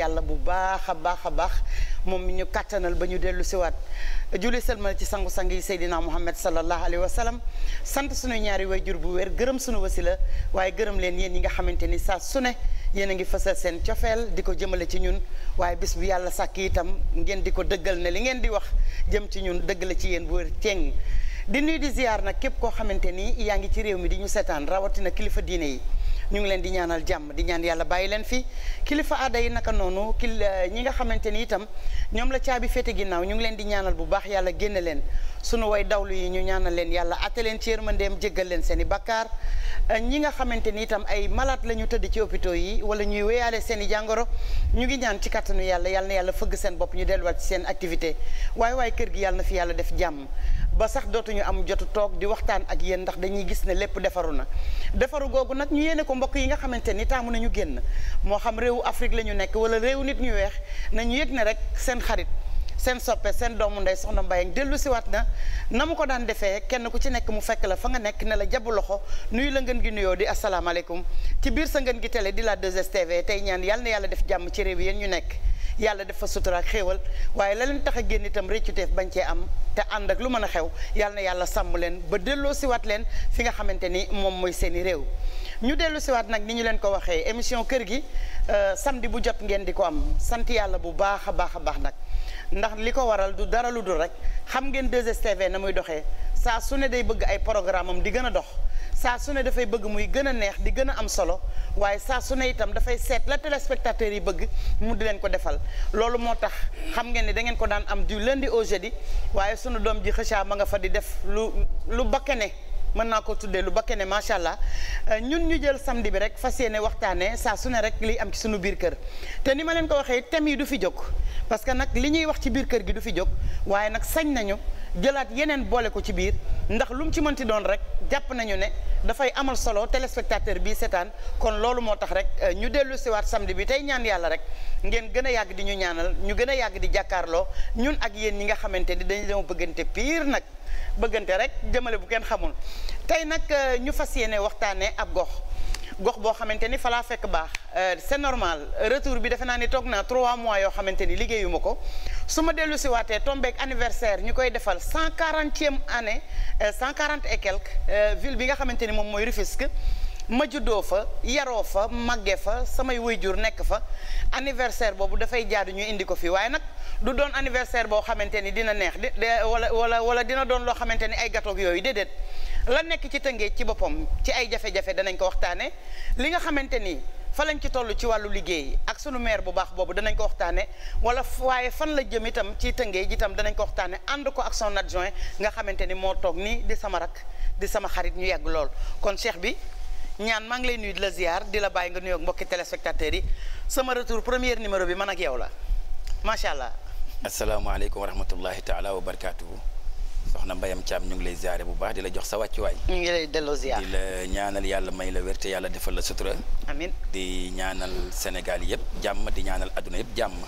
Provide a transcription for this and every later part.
yàlla bu baax a baax a baax moom mi ñu kàttanal ba ñu dellu siwaat julli sëlmal ci sangu-sang yi Seydina Muhammad sallallahu alayhi wa sallam sant sunu ñaari wayjur bu wér gërëm sunu la waaye gërëm leen yéen yi nga xamante ni saa su ne yéen a ngi fësal seen cofeel di ko jëmale ci ñun waaye bis bu yàlla sàkk itam ngeen di ko dëggal ne li ngeen di wax jëm ci ñun dëgg la ci yéen bu wér ceeŋ di nuyu di ziar képp koo xamante ni yaa ngi ci réew mi di ñu seetaan rawatina kilifa diine yi ñu ngi leen di ñaanal jàmm di ñaan yàlla bàyyi leen fi kilifa aada yi naka noonu kil eh, ñi nga xamante ni itam ñoom la caabi féete ginnaaw ñu ngi leen di ñaanal bu baax yàlla génn leen sunu woy dawlu yi ñu ñaanal leen yàlla atte leen ci yërmandeem jéggal leen seen i bakkaar eh, ñi nga xamante ni itam ay malade la ñu tëdd ci hôpitaux yi wala ñuy wéyaale seeni jàngoro ñu ngi ñaan ci kattanu yàlla yàlla yàlla fëgg seen bopp ñu delluwaat ci seen activité waaye waaye kër gi yàlla fi yàlla def jàmm ba sax dootuñu am jotu toog di waxtaan ak yéen ndax dañuy gis ne lépp defaru na defaru googu nag ñu yéene ko mbokk yi nga xamante ni taamu nañu génn moo xam réewu Afrique la ñu nekk wala réewu nit ñu weex ñu yëg ne rek seen xarit seen soppe seen doomu ndey soxna Mbaye dellu siwaat na na mu ko daan defee kenn ku ci nekk mu fekk la fa nga nekk ne la jabu loxo nuyu la ngeen gi nuyoo di asalaamaaleykum ci biir sa ngeen gi télé di la 2STV tey ñaan yàlla na yàlla def jàmm ci réew yéen ñu nekk yàlla def fa sutura ak xéewal waaye la leen tax a génn itam réccuteef bañ cee am te ànd ak lu mën a xew yàlla na yàlla sàmm leen ba delloo siwaat leen fi nga xamante ni moom mooy seeni réew ñu dellu siwaat nag ni ñu leen ko waxee émission kër gi euh, samedi bu jot ngeen di ko am sant yàlla bu baax a baax a baax nag ndax li ko waral du dara lu dul rek xam ngeen 2STV na muy doxee saa su ne day bëgg ay programme am di gën a dox saa su ne dafay bëgg muy gën a neex di gën a am solo waaye saa su ne itam dafay seet la téléspectateurs yi bëgg mu di leen ko defal loolu moo tax xam ngeen ne da ngeen ko daan am du lundi au jeudi waaye sunu doom ji xëcaa ma nga fa di def lu lu bakkane mën naa ko tuddee lu ba kene macha allah euh, ñun ñu jël samedi bi rek fas yéene waxtaanee saa su ne rek liy am ci suñu biir kër te ni ma leen ko waxee thème yi du fi jóg parce que nag li ñuy wax ci biir kër gi du fi jóg waaye nag sañ nañu jëlaat yeneen boole ko ci biir ndax lu mu ci mënti doon rek jàpp nañu ne dafay amal solo téléspectateur bi seetaan kon loolu moo tax rek euh, ñu dellu siwaat samedi bi tey ñaan yàlla rek ngeen gën a yàgg di ñu ñaanal ñu gën a yàgg di jàkkaarloo ñun ak yéen ñi nga xamante ni dañu bëggante pire nag bëggante rek jëmale bu kenn xamul tey nag euh, ñu fas yéene waxtaanee ab gox gox boo xamante ni falaa fekk baax euh, c'est normal retour bi defe naa ni toog naa trois mois yoo xamante ni liggéeyuma ko su ma dellu si waatee tombeeg anniversaire ñu koy defal cent quarantième année euh, cent quarante et quelque ville bi nga xamante ni moom mooy Rufisque ma juddoo fa yaroo fa màggee fa samay waajur nekk fa anniversaire boobu dafay jaadu ñu indi ko fii waaye nag du doon anniversaire boo xamante ni dina neex de wala wala wala dina doon loo xamante ni ay gatoog yooyu déedéet la nekk ci tëngéej ci boppam ci ay jafe-jafe danañ ko waxtaane li nga xamante ni fa lañ ci toll ci wàllu liggéey ak sunu maire bu baax boobu danañ ko waxtaane wala waaye fan la jëm itam ci tëngee itam danañ ko waxtaane ànd ko ak son adjoint nga xamante ni moo toog nii di sama rak di sama xarit ñu yàgg lool bi ñaan maa ngi lay nuyu la ziar di la bàyyi nga nuyoog mbokki téléspectateurs yi sama retour premier numéro bi man ak yow la macha allah. asalaamaaleykum wa rahmatullahi taala wa barakaatuhu. soxna Mbayam Thiam ñu ngi lay ziare bu baax di la jox sa wàccuwaay. ñu ngi lay delloo ziar ñaanal yàlla may la wér te yàlla defal la sutura. amiin di ñaanal Sénégal yëpp jàmm di ñaanal adduna yëpp jàmm.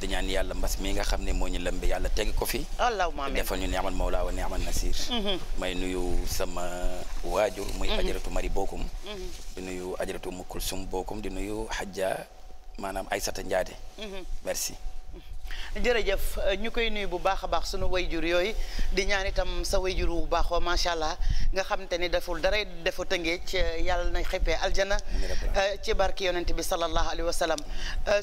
di ñaan yàlla mbas mi nga xam ne moo ñu lëmbe yàlla teg ko fi. allahumma amiin defal ñu neexal Mawla wa neexal Nasir. Mhm. may nuyu sama waajur. muy mhm. ajaratu Mari Bokum. Mhm. di nuyu ajaratu Mukulsum Bokum di nuyu Hadja maanaam Aysata Njaade. merci. jërëjëf euh, ñu koy nuyu bu baax a baax sunu jur yooyu di ñaan itam sa wayjur bu baax wa macha allah nga xam te ni deful dara defu tëngéej euh, yàlla na xëppee aljana euh, ci barki yonent bi sallallahu alayhi wa sallam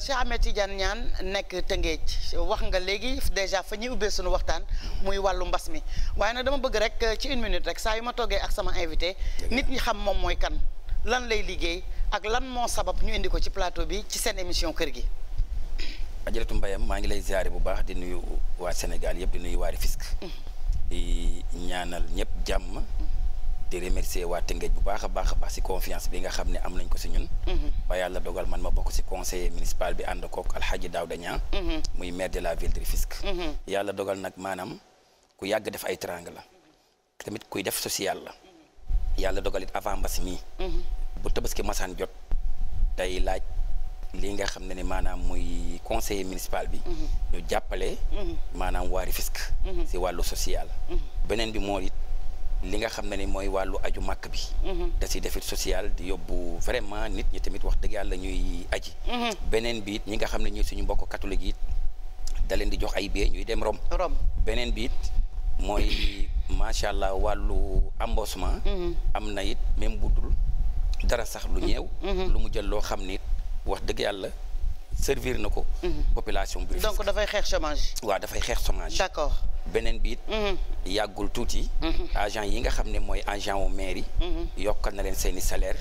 Cheikh Ahmed Tidiane ñaan nekk tëngéej wax nga léegi dèjà fa ñuy ubbee sunu waxtaan muy wàllu mbas mi waaye nag dama bëgg rek ci une minute rek saa yu ma toggee ak sama invité nit ñi xam moom mooy kan lan lay liggéey ak lan moo sabab ñu indi ko ci plateau bi ci seen émission kër gi ajaratu mbayam maa ngi lay ziare bu baax di nuyu waa Sénégal yëpp di nuyu waa Rufisque mm-hmm. di ñaanal ñëpp jàmm mm-hmm. di remercier waa Tëngéej bu baax a baax a baax si confiance bi nga xam ne am nañ ko si ñun mm-hmm. ba yàlla dogal man ma bokk si conseiller municipal bi ànd kook Alhaji Daouda Niang muy maire de la ville de Rufisque yàlla dogal nag maanaam ku yàgg def ay teranga la tamit kuy def social la yàlla dogal it avant mbas mii bu tabaski masaan jot day laaj lii nga xam ne ne maanaam muy conseiller municipal bi mhm. ñu jàppale mhm. maanaam waari fisk mhm. si wàllu social beneen bi moo it li nga xam ne ni mooy wàllu aju màkk bi da si defit social di yóbbu vraiment nit ñi tamit wax dëgg yàlla ñuy aji beneen bi it ñi nga xam ne ñuy suñu mbokk catholique yi da leen di jox ay bee ñuy dem Rome beneen bi it mooy macha allah wàllu embossement am na it même bu dara sax lu ñeew lu mu jël loo xam ni wax dëgg yàlla servir na ko. Mhm. population bi. donc dafay xeex chômage. waaw dafay xeex chômage. d'accord beneen biit. Mhm. yàggul tuuti. Mhm. agent yi nga xam ne mooy agent wu yi yokkal na leen seeni salaire.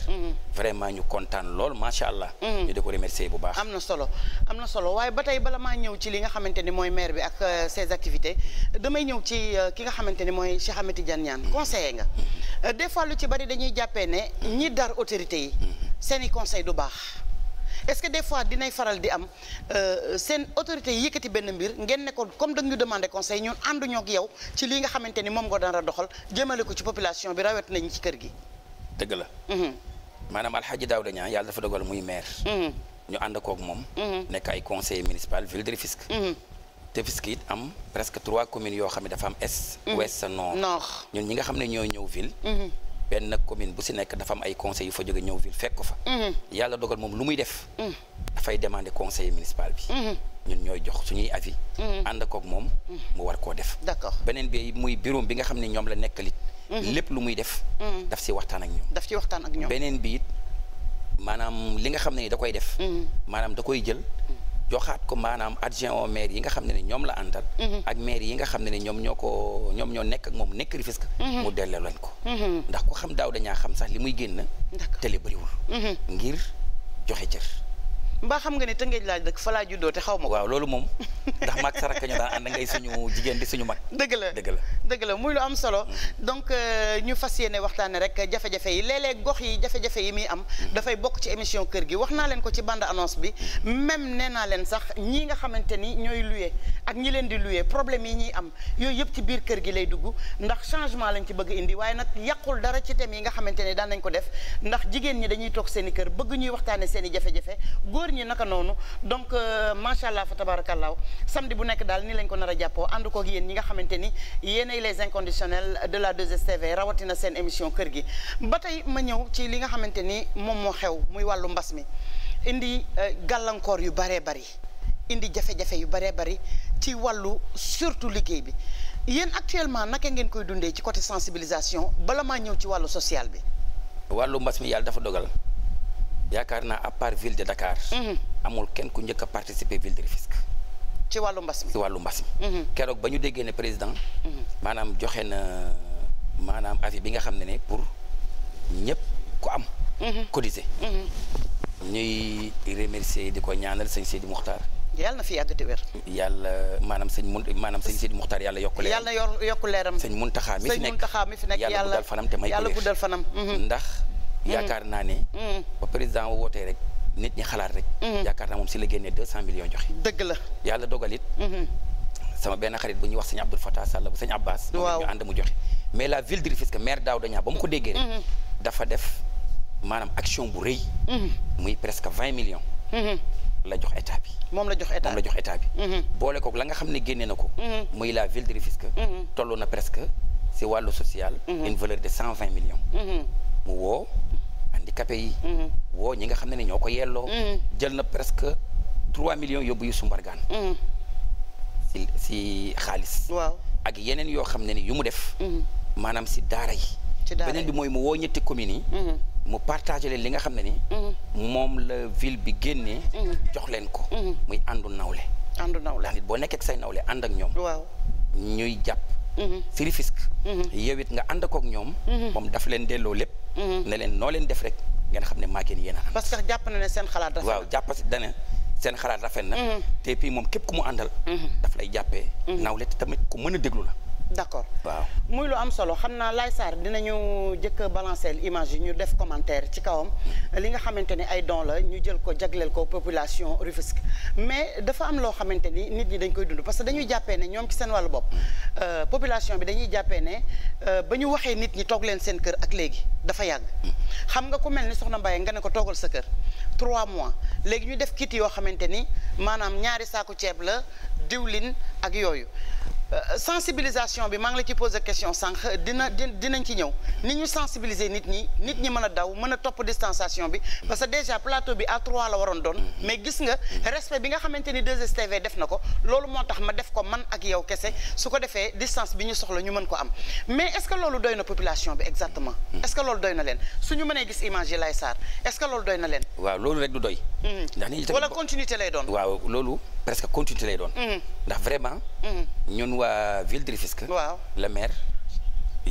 vraiment ñu kontaan lool macha allah. ñu di ko remercier bu baax. am na solo am na solo waaye ba tey bala maa ñëw ci li nga xamante ni mooy mair bi ak euh, ses activités damay ñëw ci euh, ki nga xamante ni mooy Cheikh Ahmed Tidiane ñaan conseiller nga. Euh, des ci bari dañuy jàppee ne ñi dar autorité yi. seeni conseil du baax. est-ce que des fois dinay faral di am euh, seen autorité yi yëkkati benn mbir ngeen ne ko comme da ñu demandé conseil ñun ànduñoo ak yow ci lii nga xamante ni moom nga dara doxal jëmale ko ci population bi rawet nañ ci kër gi. dëgg la. Mhm. maanaam daaw Daawda Ñaan yàlla dafa dogal muy maire. Mhm. ñu ànd koog moom. Mhm. nekk ay conseil municipal ville de Rufisque. te Rufisque it am presque trois communes yoo xam ne dafa am est ouest nord. ñun ñi nga xam ne ñooy ñëw ville. benn commune bu si nekk dafa ay conseils yu fa jóge ñëw ville fekk ko fa. Mhm. yàlla dogal moom lu muy def. Mhm. dafay demander conseil municipal bi. Mhm. ñun ñooy jox suñuy avis. ànd koog moom. mu war koo def. d'accord beneen bi muy bureau bi nga xam ne ñoom la nekkalit. lépp lu muy def. daf si waxtaan ak ñoom. daf si waxtaan ak ñoom beneen bi maanaam li nga xam ne da koy def. maanaam da koy jël. joxaat ko maanaam adjoint au maire yi nga xam ne ne ñoom la àndal mhm. ak maire yi nga xam ne ne ñoom ñoo ko ñoom ñoo nekk ak moom nekk Rufisque mhm. mu delloo lañ ko mhm. ndax ko xam daaw dañaa xam sax li muy génn télé bëriwul ngir joxe cër mbaa xam nga ne Tëngéej laa dëkk fa laa juddoo te xaw ma waaw loolu moom ndax maag sa rakk ñu daan ànd ngay suñu jigéen di suñu mag. dëgg la dëgg la dëgg la muy lu am solo. Mm. donc euh, ñu fas yéene waxtaane rek jafe-jafe yi léeg gox yi jafe-jafe yi muy am. Mm. dafay bokk ci émission kër gi wax naa leen ko ci band annonce bi mm. même nee naa leen sax ñii nga xamante ni ñooy luye ak ñi leen di luye problème yi ñuy am yooyu yëpp ci biir kër gi lay dugg ndax changement lañ ci bëgg indi waaye nag yàqul dara ci thème yi nga xamante ne daan nañ ko def ndax jigéen ñi dañuy toog kër bëgg ñuy waxtaane seen i jafe góor noonu donc euh, macha allah fa tabaarakallaahu samedi bu nekk daal nii lañ nar a jàppoo ànd yéen ñi nga xamante ni yéenay les inconditionnels de la 2STV rawatina seen émission kër gi ba ma ñëw ci li nga xamante ni moom moo xew muy wàllu mbas mi indi euh, gàllankoor yu baree bari indi jafe yu baree bari ci wàllu surtout liggéey bi yéen actuellement naka ngeen koy dundee ci côté sensibilisation bala maa ñëw ci wàllu sociale bi. wàllu mbas mi yàlla dafa dogal. yaakaar naa à part ville de Dakar. Mhm. amul kenn ku njëkk a participer ville de Rufisque. ci wàllu mbas mi ci wàllu mbas mi. Mhm. keroog ba ñu déggee ne président. Mhm. maanaam joxe na maanaam avis bi nga xam ne ne pour ñëpp ku am. cotiser. ñuy remercier di ko ñaanal sëñ Sidi Muxtaar. yàlla na fi yàgg te wér. yàlla maanaam sëñ mun maanaam Muxtaar yàlla yokk leeram. yàlla yokk leeram. yàlla guddal fanam. ndax. Mm. yaakaar naa ne. Mm. ba président wootee rek nit ñi xalaat rek. Mm. yaakaar naa moom si la génnee deux cent millions joxe. dëgg la yàlla dogalit mm-hmm. sama benn xarit bu ñuy wax sëñ Abdoul Fattah Sall bu sëñ Abbas. la ville de Rufisque maire Daouda ko déggee rek. Mm-hmm. dafa def bu rëy. Mm-hmm. muy presque vingt millions. la jox bi. moom la jox état bi moom la jox état bi. boole kook la nga xam ne génne na ko. muy la ville de Rufisque. toll na presque si wàllu social. une valeur de cent vingt millions. mu woo. handicapé yi mm-hmm. woo ñi nga xam ne ne ñoo ko yelloo mm-hmm. jël na presque trois millions yóbbu su Mbargane mm-hmm. si si xaalis ak yeneen yoo xam ne ni yu mu def maanaam si daara yi beneen bi mooy mu woo ñetti commune yi mu partagé leen li nga xam ne ni moom la ville bi génnee jox leen ko muy àndu nawle àndu nawle nit boo nekkee ak say nawle ànd ak ñoom ñuy jàpp si mm-hmm. Rufisque mm-hmm. yow it nga ànd kook ñoom mm-hmm. moom daf leen delloo lépp ne leen noo leen def rek ngeen xam ne maa ngeen yéen a ànd jàpp na ne seen xalaat rafet na te puis moom képp ku mu àndal daf lay jàppee nawle tamit ku mën a déglu la d' accord waaw muy lu am solo xam naa Laye Sarr dinañu jëkk a balancer image yi ñu def commentaire ci kawam li nga xamante ni ay don la ñu jël ko jagleel ko population Rufisque mais dafa am loo xamante ni nit ñi dañ koy dund parce que dañuy jàppee ne ñoom ci seen wàllu bopp mm. euh, population bi dañuy jàppee ne euh, ba ñu waxee nit ñi toog leen seen kër ak léegi dafa yàgg mm. xam nga ku mel ni soxna Mbaye nga ne ko toogal sa kër trois mois léegi ñu def kit yoo xamante ni maanaam ñaari saaku ceeb la diwlin ak yooyu Euh, sensibilisation bi maa ngi la ci posé question sànq dina dinañ ci ñëw ni ñu sensibiliser nit ñi nit ñi mën a daw mën a topp distanciation bi parce que déjà plateau bi à trois la waroon doon mm-hmm. mais gis nga respect bi nga xamante ni 2STV def na ko loolu moo tax ma def ko man ak yow kese su ko defee distance bi ñu soxla ñu mën ko am mais est-ce que loolu doy na population bi exactement mm-hmm. est-ce que loolu doy na leen suñu mënee gis image yi lay saar est-ce que loolu doy na leen waaw loolu rek du doy mm-hmm. lay doon waaw loolu presque continuité lay doon ndax vraiment ñun waa ville de Rufisque waaw maire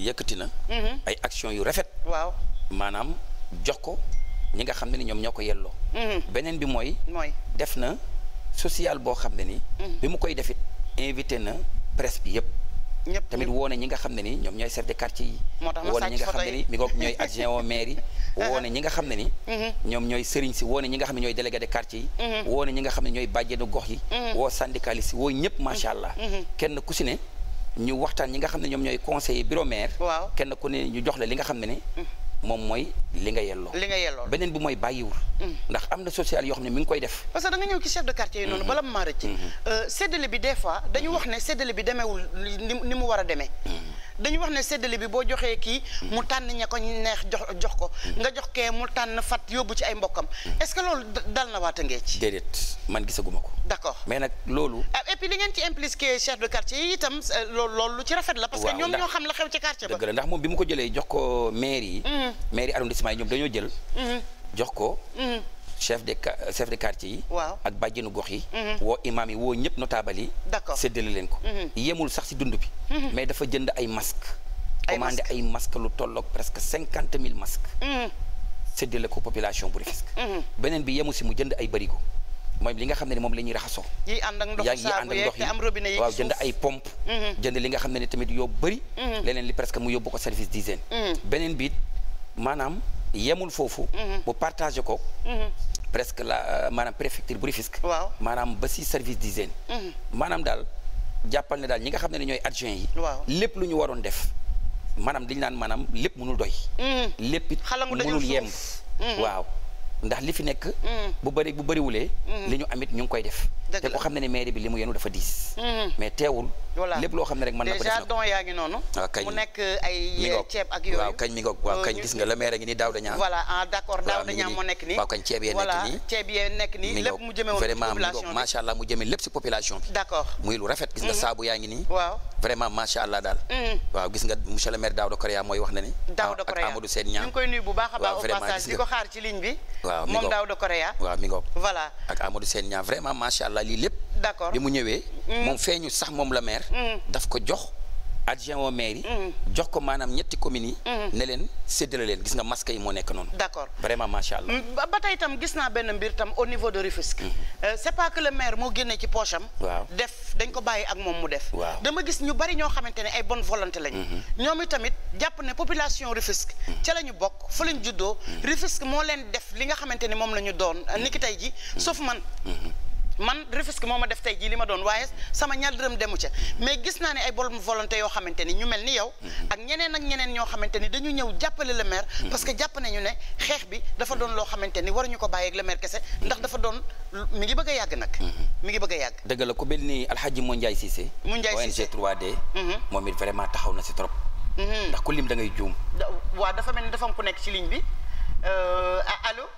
yëkkati na. Mhm. ay action yu rafet. waaw maanaam jox ko ñi nga xam ne ni ñoom ñoo ko yelloo. Mhm. beneen bi mooy. mooy def na social boo xam ne ni. Mhm. bi mu koy defit invité na presse bi yëpp. ñëpp tamit woo na ñi nga xam ne ni ñoom ñooy chef de quartier yi. moo ma ñi nga xam ne ni mi ñooy adjoint au maire yi. Uh-huh. woone ñi nga xam ne ni uh-huh. ñoom ñooy sëriñ si woone ñi nga xam ne ñooy délégué de quartier yi uh-huh. woone ñi nga xam ne ñooy bàjjenu gox yi woo syndicaliste yi woo ñëpp macha allah kenn ku si ne ñu waxtaan ñi nga xam ne ñoom ñooy conseiller bureau maire waaw kenn ku ne ñu jox la li nga xam ne ne moom mooy li nga yelloo li nga yelloo beneen bi mooy bàyyiwul ndax am na social yoo xam ne mi ngi koy def parce que da nga ñëw ci chef de quartier yi noonu bala mu maa rëcc euh, séddale fois dañu wax ne séddale bi demeewul ni mu war a demee dañu wax ne séddale bi boo joxee kii mu tànn ña ko neex jox jox ko nga jox kee mu tànn fat yóbbu ci ay mbokkam est-ce que loolu dal na waata ngee ci déedéet man gisaguma ko d'accord mais nag loolu ah, et puis li ngeen ci impliqué chef de quartier yi itam euh, loolu lu ci rafet la parce que ñoom ñoo xam la xew ci quartier ba dëgg la ndax moom bi mu ko jëlee jox ko mairie yi mm-hmm. mairie arrondissement yi ñoom dañoo jël mm-hmm. jox ko mm-hmm. chef de euh, chef de quartier yi. waaw ak bàjjenu gox yi. Mhm. woo imaam yi woo ñëpp notable yi. d'accord séddale leen ko. Mhm. yemul sax ci dund bi. Mhm. mais dafa jënd ay masques. ay masques ay masques lu tolloog presque cinquante mille masques. séddale ko population bu Rufisque. beneen bi yemul si mu jënd ay barigo. mooy li nga xam ne ni moom la ñuy raxasoo. yi ànd ak ndox saabu yeeg te am robinet yi waaw jënd ay pompe jënd li nga xam ne ni tamit yoo bëri. leneen li presque mu yóbbu ko service d'hygiène. beneen bi maanaam. yemul foofu. Mhm. mu partagé ko. Mhm. presque la euh, maanaam préfecture Rufisque. waaw maanaam ba si service d'hygiène. Mhm. maanaam daal jàppal ne daal ñi nga xam ne ñooy adjoint yi. waaw lépp lu ñu waroon def. maanaam li ñu naan maanaam lépp mënul doy. lépp it mënul yem waaw. ndax li fi nekk. bu bëri bu bëriwulee. li ñu amit ñu ngi koy def. te ko xam ne ne mairie bi li mu yenu dafa diis. mais teewul. voilà lépp loo xam ne rek mën na ko def déjà don yaa ngi noonu. waaw ah, kañ mu nekk ay eh, ceeb ak waaw kañ euh, gis nga le maire ngi nii daaw dañaa. voilà ah d'accord daaw dañaa moo nekk nii. waaw kañ ceeb yee nekk nii voilà mu jëmee woon ci allah mu jëmee lépp ci population bi. d'accord muy lu rafet gis nga mhm. saabu yaa ngi nii. waaw vraiment macha allah daal. Mhm. waaw gis nga monsieur le maire Daouda Correa mooy wax na ni. Daouda Correa ak Amadou Sène Niang. ñu a vraiment macha allah lii lépp. d'accord Mm. daf ko jox adjoint au maire mm. jox ko maanaam ñetti communes yi mm. ne leen séddale leen gis nga masque yi moo nekk noonu d'accord vraiment macha allah ba tey itam gis naa benn mbir tam au niveau de Rufisque mm-hmm. euh, c'est pas que le maire moo génnee ci poche am def dañ ko bàyyi ak moom mu def waaw dama gis ñu bari ñoo xamante ne ay bonne volonté lañu mm-hmm. ñoom itamit jàpp ne population Rufisque ca la ñu bokk fa la ñu juddoo Rufisque moo leen def li nga xamante ne moom la ñu doon niki tey ji sauf man mm-hmm. man Rufisque moom ma def tey jii li ma doon waaye sama ñaar dërëm demu ca mais gis naa ne ay borom volonté yoo xamante ni ñu mel ni yow mhm. ak ñeneen ak ñeneen ñoo xamante ni dañu ñëw jàppale le maire mhm. parce que jàpp nañu ne xeex bi dafa doon loo xamante ni war waruñu ko bàyyi ak le maire kese ndax dafa doon mi ngi bëgg a yàgg nag mhm. mi ngi bëgg a yàgg dëgg la ku mel ni Alhaji Moundiaye Cissé Moundiaye Cissé ONG 3D moom it vraiment taxaw na si trop ndax ku lim da ngay juum waaw dafa mel ni dafa ku nekk ci ligne bi euh, allo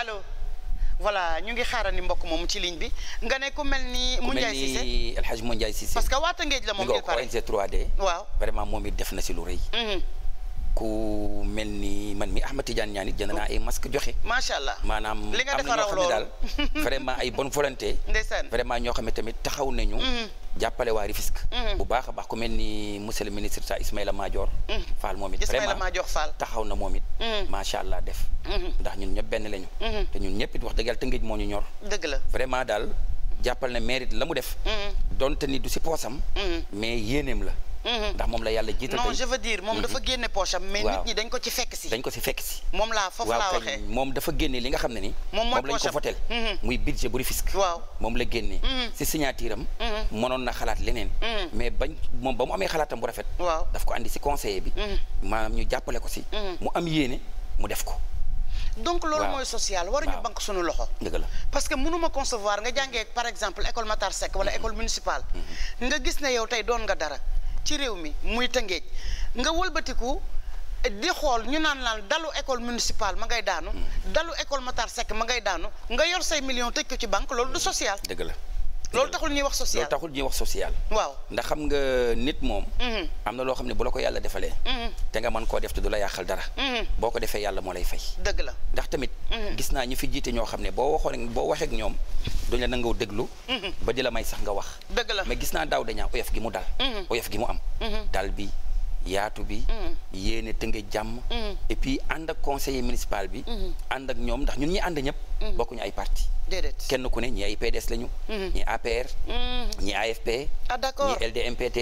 allo voilà ñu ngi xaaral ni mbokk mu ci ligne bi nga ne ku mel ni. mu Ndiaye Cissé si mel parce que waata ngeej la moom il d waaw vraiment moom it def na si lu rëy. Mhm. ku mel ni man mi Ahmed Tidiane ñaan it jënd naa ay masque joxe. macha allah maanaam li nga defaraw loolu am na ñoo xam ne vraiment ay bonne volonté. ndeysaan vraiment ñoo xam ne tamit taxaw nañu. Mhm. jàppale waa Rufisque mm-hmm. bu baax a baax ku mel ni monsieur le ministre ta Ismaïla Madior mm-hmm. Fall moom it vraiment Madior Fall taxaw na moom it mm-hmm. macha allah def ndax ñun ñëpp benn lañu te ñun ñëpp it wax dëgg yàlla Tëngéej moo ñu ñor dëgg la vraiment daal jàppal na mérite la mu def donte ni du si poosam mais yéeneem la Mhm. ndax moom la yàlla jiital non dire moom dafa mhm. génne poche am mais nit ñi dañ ko ci fekk si dañ ko ci fekk si moom laa foofu laa waxee moom dafa génne li nga xam ne ni moom lañ ko votel mhm. muy budget bu Rufisque waaw moom la génne si signature am na xalaat leneen mais bañ moom ba mu amee xalaatam bu rafet waaw daf ko indi si conseiller bi maanaam ñu jàppale ko si mu am yéene mu def ko donc loolu mooy social waruñu banque suñu loxo dëgg la parce que mënuma concevoir nga jàngee par exemple école Matar Seck wala école municipale nga gis ne yow tey doon nga dara ci réew mi muy Tëngéej nga wëlbatiku di xool ñu naan laan dalu école municipale ma ngay daanu mm. dalu école Matar Seck ma ngay daanu nga yor say millions tëj ko ci banque loolu du social dëgg la loolu taxul ñuy wax social loolu taxul ñuy wax social. waaw ndax xam nga nit moom. Mm-hmm. am na loo xam ne bu la ko yàlla defalee. Mm-hmm. te nga mën koo def te du la yàqal dara. Mm-hmm. boo ko defee yàlla moo lay fay. dëgg la ndax tamit. gis naa ñu fi jiite ñoo xam ne boo waxoon boo waxee ñoom duñ la nangoo déglu. ba di la may sax nga wax. dëgg la mais gis naa daaw dañaa oyof gi mu dal. oyof gi mu am. dal bi. yaatu bi mm. yéene tënge jàmm mm. et puis ànd ak conseiller municipal bi mm-hmm. ànd ak ñoom ndax ñun ñi ànd ñëpp mm. bokkuñu ay parti déedéet kenn ku ne ñi ay PDS lañu mm-hmm. ñi APR mm-hmm. ñi AFP ah d'accord ñi LDMPT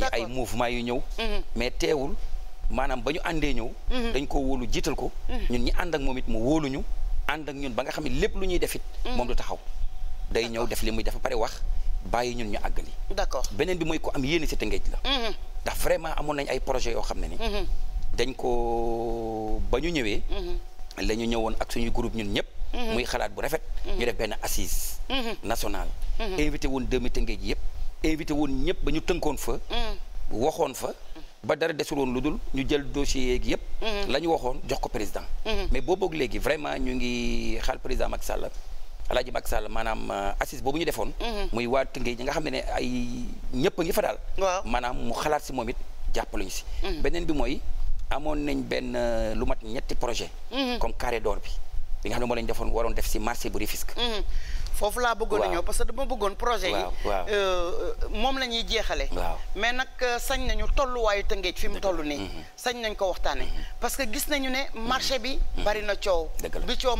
ñi ay mouvement yu ñëw mais teewul maanaam ba ñu àndee ñëw dañ ko wóolu jiital ko ñun ñi ànd ak moom it mu wóoluñu ànd ak ñun ba nga xam ne lépp lu ñuy def it moom du taxaw day ñëw def li muy dafa pare wax bàyyi ñun ñu àggali d'accord beneen bi mooy ko am yéene ci Tëngéej la ndax vraiment amoon nañ ay projet yoo xam ne ni mhm. dañ ko ba ñu ñëwee mhm. la ñu ñëwoon ak suñu groupe ñun ñëpp mhm. muy xalaat bu rafet ñu def benn assise nationale invité woon demi tëngéej ji yëpp invité woon ñëpp ba ñu tënkoon fa waxoon fa ba dara desul woon lu dul ñu jël dossier yeeg yëpp la ñu waxoon jox ko président mais boo léegi vraiment ñu ngi xaal président Macky Sall Alaaji Macky Sall maanaam euh, assise boobu ñu defoon mhm. muy waa Tëngéej ñi nga xam ne ne ay ñëpp a ngi fa daal maanaam mu xalaat si moom it jàppaluñu si mhm. beneen bi mooy amoon nañ benn euh, lu mat ñetti projet mhm. comme carré d'or bi bi xam ne moo lañ defoon waroon def si marché bu Rufisque foofu laa bëggoon a ñëw parce que dama bëggoon projet yi euh, moom la ñuy jeexale mais nag sañ nañu tolluwaayu tëngeej fi mu toll nii sañ nañ ko waxtaane parce que gis nañu ne marché bi bari na coow bi coow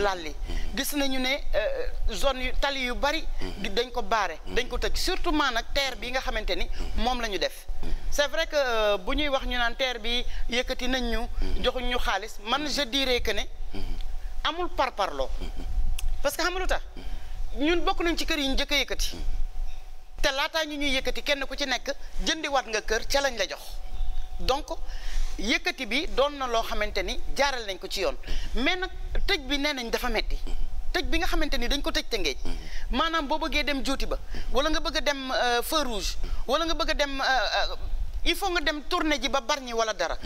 lalli mm-hmm. gis nañu ne euh, zone yu tali yu bari mm-hmm. dañ ko baare mm-hmm. dañ ko tëj surtout maa nag terre bi nga xamante ni moom la ñu def c'est vrai que euh, bu ñuy wax ñu naan terre bi yëkkati nañ ñu joxuñ ñu xaalis man je dirais que ne amul parparloo parce que xam nga tax ñun bokk nañ ci kër yi njëkk a yëkkati te laataa ñu ñuy yëkkati kenn ku ci nekk jëndiwaat nga kër ca lañ la jox donc yëkkati bi doon na loo xamante ni jaaral nañ ko ci yoon mais nag tëj bi nee nañ dafa metti tëj bi nga xamante ni dañ ko tëj tëngeej maanaam boo bëggee dem juuti ba wala nga bëgg dem euh, feu rouge wala nga bëgg a dem euh, euh, il faut nga dem tournée ji ba barñi wala dara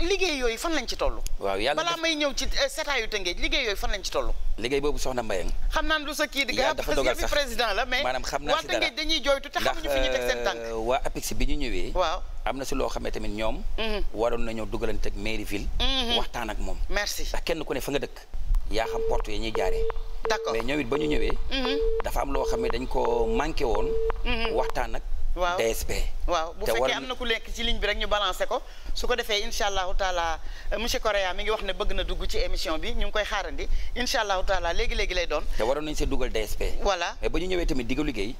liggéey yooyu fan lañ ci toll waaw yàlla balaa may ñëw ci setaayu tëngeej liggéey yooyu fan lañ ci toll liggéey boobu soxna Mbayang xam naan lu sa kii di gaa dafa dogal sax la mais maanaam xam naa si dara waa tëngeej dañuy te xamuñu fi ñu teg bi ñu ñëwee am na si loo xam ne tamit ñoom. Mhm. waroon nañoo dugalante ak mairie ville. Mhm. waxtaan ak moom. merci ndax kenn ku ne fa nga dëkk. yaa xam porte yi ñuy jaaree. d'accord mais ñoom it ba ñu ñëwee. Mhm. dafa am loo xam ne dañ ko manqué woon. waxtaan ak. waaw DSP. waaw bu fekkee am na ku lekk ci ligne bi rek ñu balancé ko su ko defee incha allahu taala euh, monsieur Correa mi ngi wax ne bëgg na dugg ci émission bi ñu ngi koy xaarandi incha allahu taala léegi léegi lay doon. te waroon nañu see dugal DSP. voilà mais ba ñu ñëwee tamit diggu liggéey.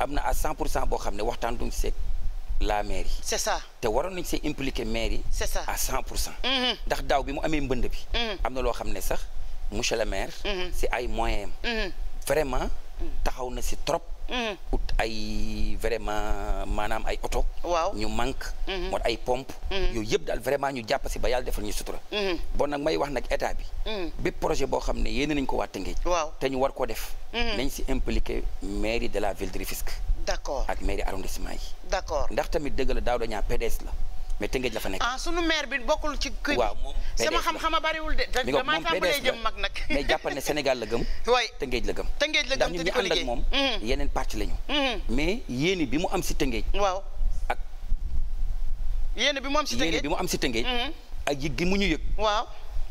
am boo xam ne waxtaan duñ seet. la mairie. c'est ça te waroon nañ see impliqué mairie. c'est ça à 100 pour cent. Mm-hmm. ndax daaw bi mu amee mbënd bi. Mm-hmm. am na loo xam ne sax monsieur le maire. Mm-hmm. si ay moyens am. vraiment taxaw na si trop. Mm. ut ay vraiment maanaam ay oto waaw ñu manque mm-hmm. moo ay pompe mm-hmm. yooyu yëpp daal vraiment ñu jàpp si ba yàlla defal ñu sutura mm-hmm. bon nag may wax nag état bi mm. bépp projet boo xam ne yéene nañ ko waa Tëngéej waaw te ñu war ko def nañ si impliqué mairie de la ville de Rufisque d'accord ak mairie arrondissement yi d'accord ndax tamit dëgg la daaw dañaa PDS la mais tëngéej la fa nekk. ah sunu bi bokkul ci kër waaw moom sama xam-xama bariwul de. mi nga moom PDS jëm mag nag. mais jàppal ne Sénégal la gëm. waay tëngéej la gëm. tëngéej la gëm te di ko liggéey ndax ñun ñu ànd ak moom. Mhm. yeneen parti lañu. Mhm. mais yéene bi mu am si tëngéej. waaw ak. yéene bi mu si tëngéej yéene bi mu am si tëngéej. Mhm. ak yëg gi mu ñu yëg. waaw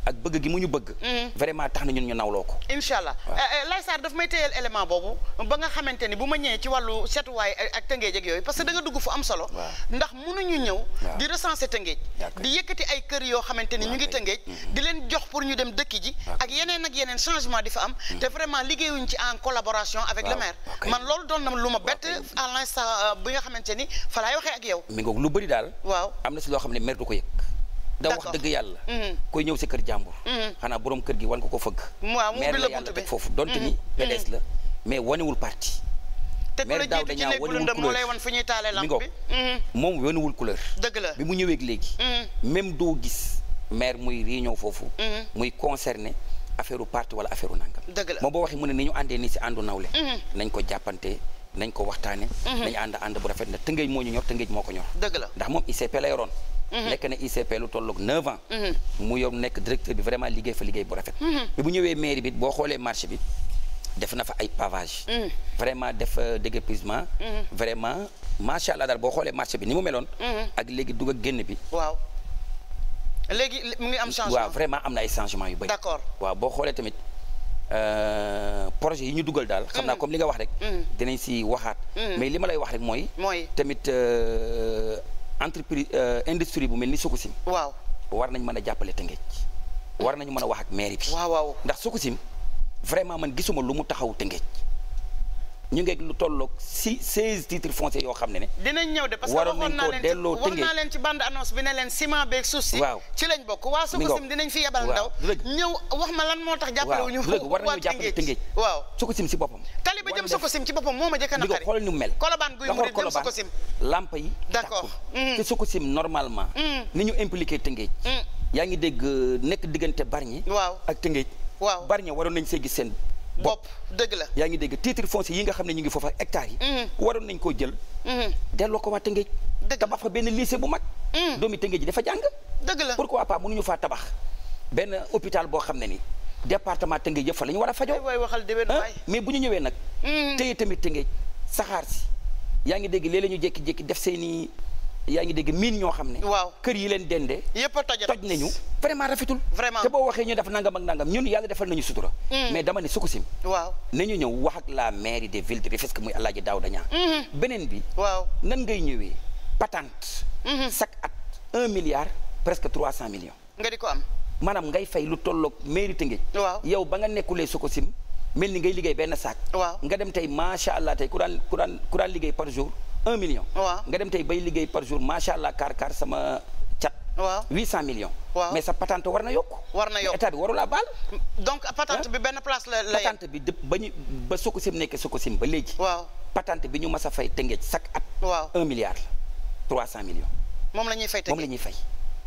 ak bëgg gi mu ñu bëgg. Mm-hmm. vraiment tax na ñun ñu nawloo ko. incha allah eh, eh, Lay Sarr daf may téyeel élément boobu ba nga xamante ni bu ma ñëwee ci wàllu setuwaay ak tëngeej ak yooyu parce que da nga dugg fu am solo. ndax mënuñu ñëw. di recenser tëngeej. di yëkkati ay kër yoo xamante ni ñu ngi tëngeej. Mm-hmm. di leen jox pour ñu dem dëkk ji. ak yeneen ak yeneen changement di fa am. Mm-hmm. te vraiment liggéeyuñ ci en collaboration avec le maire. man loolu doon na lu ma bett à l'instant euh, bi nga xamante ni fa laay waxee ak yow. mi ngoog lu bëri daal. waaw am na si loo xam ne maire du ko yëg da wax dëgg yàlla mhm. koy ñëw si kër jàmbur mhm. xanaa boroom kër gi wan ko ko fëgg waaw mu la yàlla teg foofu donte mhm. ni PDS la mais wanewul parti te ku la jiitu ci nekk lu ndëm moo lay wan fu ñuy taale lamp bi moom wanewul couleur dëgg bi mu ñëwee léegi même doo gis maire muy réunion foofu muy concerné affaire u parti wala affaire u nangam dëgg la moom boo waxee mu ne ni ñu àndee nii si àndu nawle nañ ko jàppante nañ ko waxtaane nañ ànd ànd bu rafet na tëngéej moo ñu ñor tëngéej moo ko ñor dëgg la ndax moom ICP la Mm-hmm. nekk na ICP lu tolloog 9 ans. Mm-hmm. mu yow nekk directeur bi vraiment liggéey fa liggéey bu rafet. Mm-hmm. bi bu ñëwee mairie bi boo xoolee marché bi. def na fa ay pavage mm. vraiment def euh, déguerpissement vraiment macha allah daal boo xoolee marché bi ni mu meloon. ak léegi dugg ak génn bi. waaw léegi mu ngi am changement vraiment am na ay changement yu bëri. d'accord waaw boo xoolee tamit euh, projet yi ñu dugal daal. xam naa comme li nga wax rek. dinañ si waxaat. mais li ma lay wax rek mooy. mooy tamit. Euh, entreprise euh, industrie bu mel ni Sococim. waaw war nañ mën a jàppale Tëngéej war nañu mën a wax ak mairie bi. waaw waaw ndax Sococim vraiment man gisuma lu mu taxaw Tëngéej. ñu ngeeg lu tolloog si seize titres fonciers yoo xam ne ne dinañ ñëw de parce que waxoon naa leen delloo wax naa leen ci bande annonce bi ne leen waaw ci lañ bokk waa Sococim dinañ fi yebal ndaw ñëw wax ma lan moo tax jàppalewuñu war nañu jàppale Tëngéej waaw Sococim si boppam tali ba jëm Sococim ci boppam moo ma jëkk a naqari xool ñu mel Colobane guy mu jëm Sococim lamp yi d'accord mm-hmm. te Sococim normalement mm-hmm. ni ñu impliqué Tëngéej mm-hmm. yaa ngi dégg euh, nekk diggante Bargny waaw ak Tëngéej waaw Bargny waroon nañ see gis seen bopp dëgg la yaa ngi dégg titre foncier yi nga xam ne ñu ngi foofa hectares yi mm-hmm. waroon nañ koo jël mm-hmm. delloo ko waa Tëngéej tabax fa benn lycée bu mag mm-hmm. doomi Tëngéej ji dafa jàng dëgg la pourquoi pas mënuñu faa tabax benn hôpital boo xam ne ni departement Tëngéej yëpp fa la ñu war a fajoo mais bu ñu ñëwee nag téye tamit Tëngéej saxaar si yaa ngi dégg léeg-léeg ñu jékki-jékki def seeni yaa ngi dégg miin ñoo xam ne. waaw kër yi leen dende. a toj toj nañu. vraiment rafetul. vraiment te boo waxee ñu def nangam ak nangam ñun yàlla defal nañu sutura. Mm. mais dama ne Sococim. waaw nañu ñëw wax ak la mairie des villes de Rufisque muy El Hadj Daouda Niang. Mm-hmm. beneen bi. waaw nan ngay ñëwee patente. Mm-hmm. chaque at un milliard presque trois cent millions. nga di ko am. maanaam ngay fay lu tolloog mairie Tëngéej. waaw yow ba nga nekkulee Sococim mel ni ngay liggéey benn saak. waaw nga dem tey macha allah tey ku daan ku daan ku daan liggéey par jour. un million. nga dem tey bay liggéey par jour macha allah kaar kaar sama cat. waaw huit cent millions. waaw mais a patente war na yokku. war na yokku état bi waru laa baal. donc patente ah. bi benn place la la patente bi dëpp ba ñu ba Sococim nekkee Sococim ba léegi. waaw patente bi ñu ma a fay Tëngéej chaque at. waaw un milliard la trois cent millions. moom la ñuy fay la ñuy fay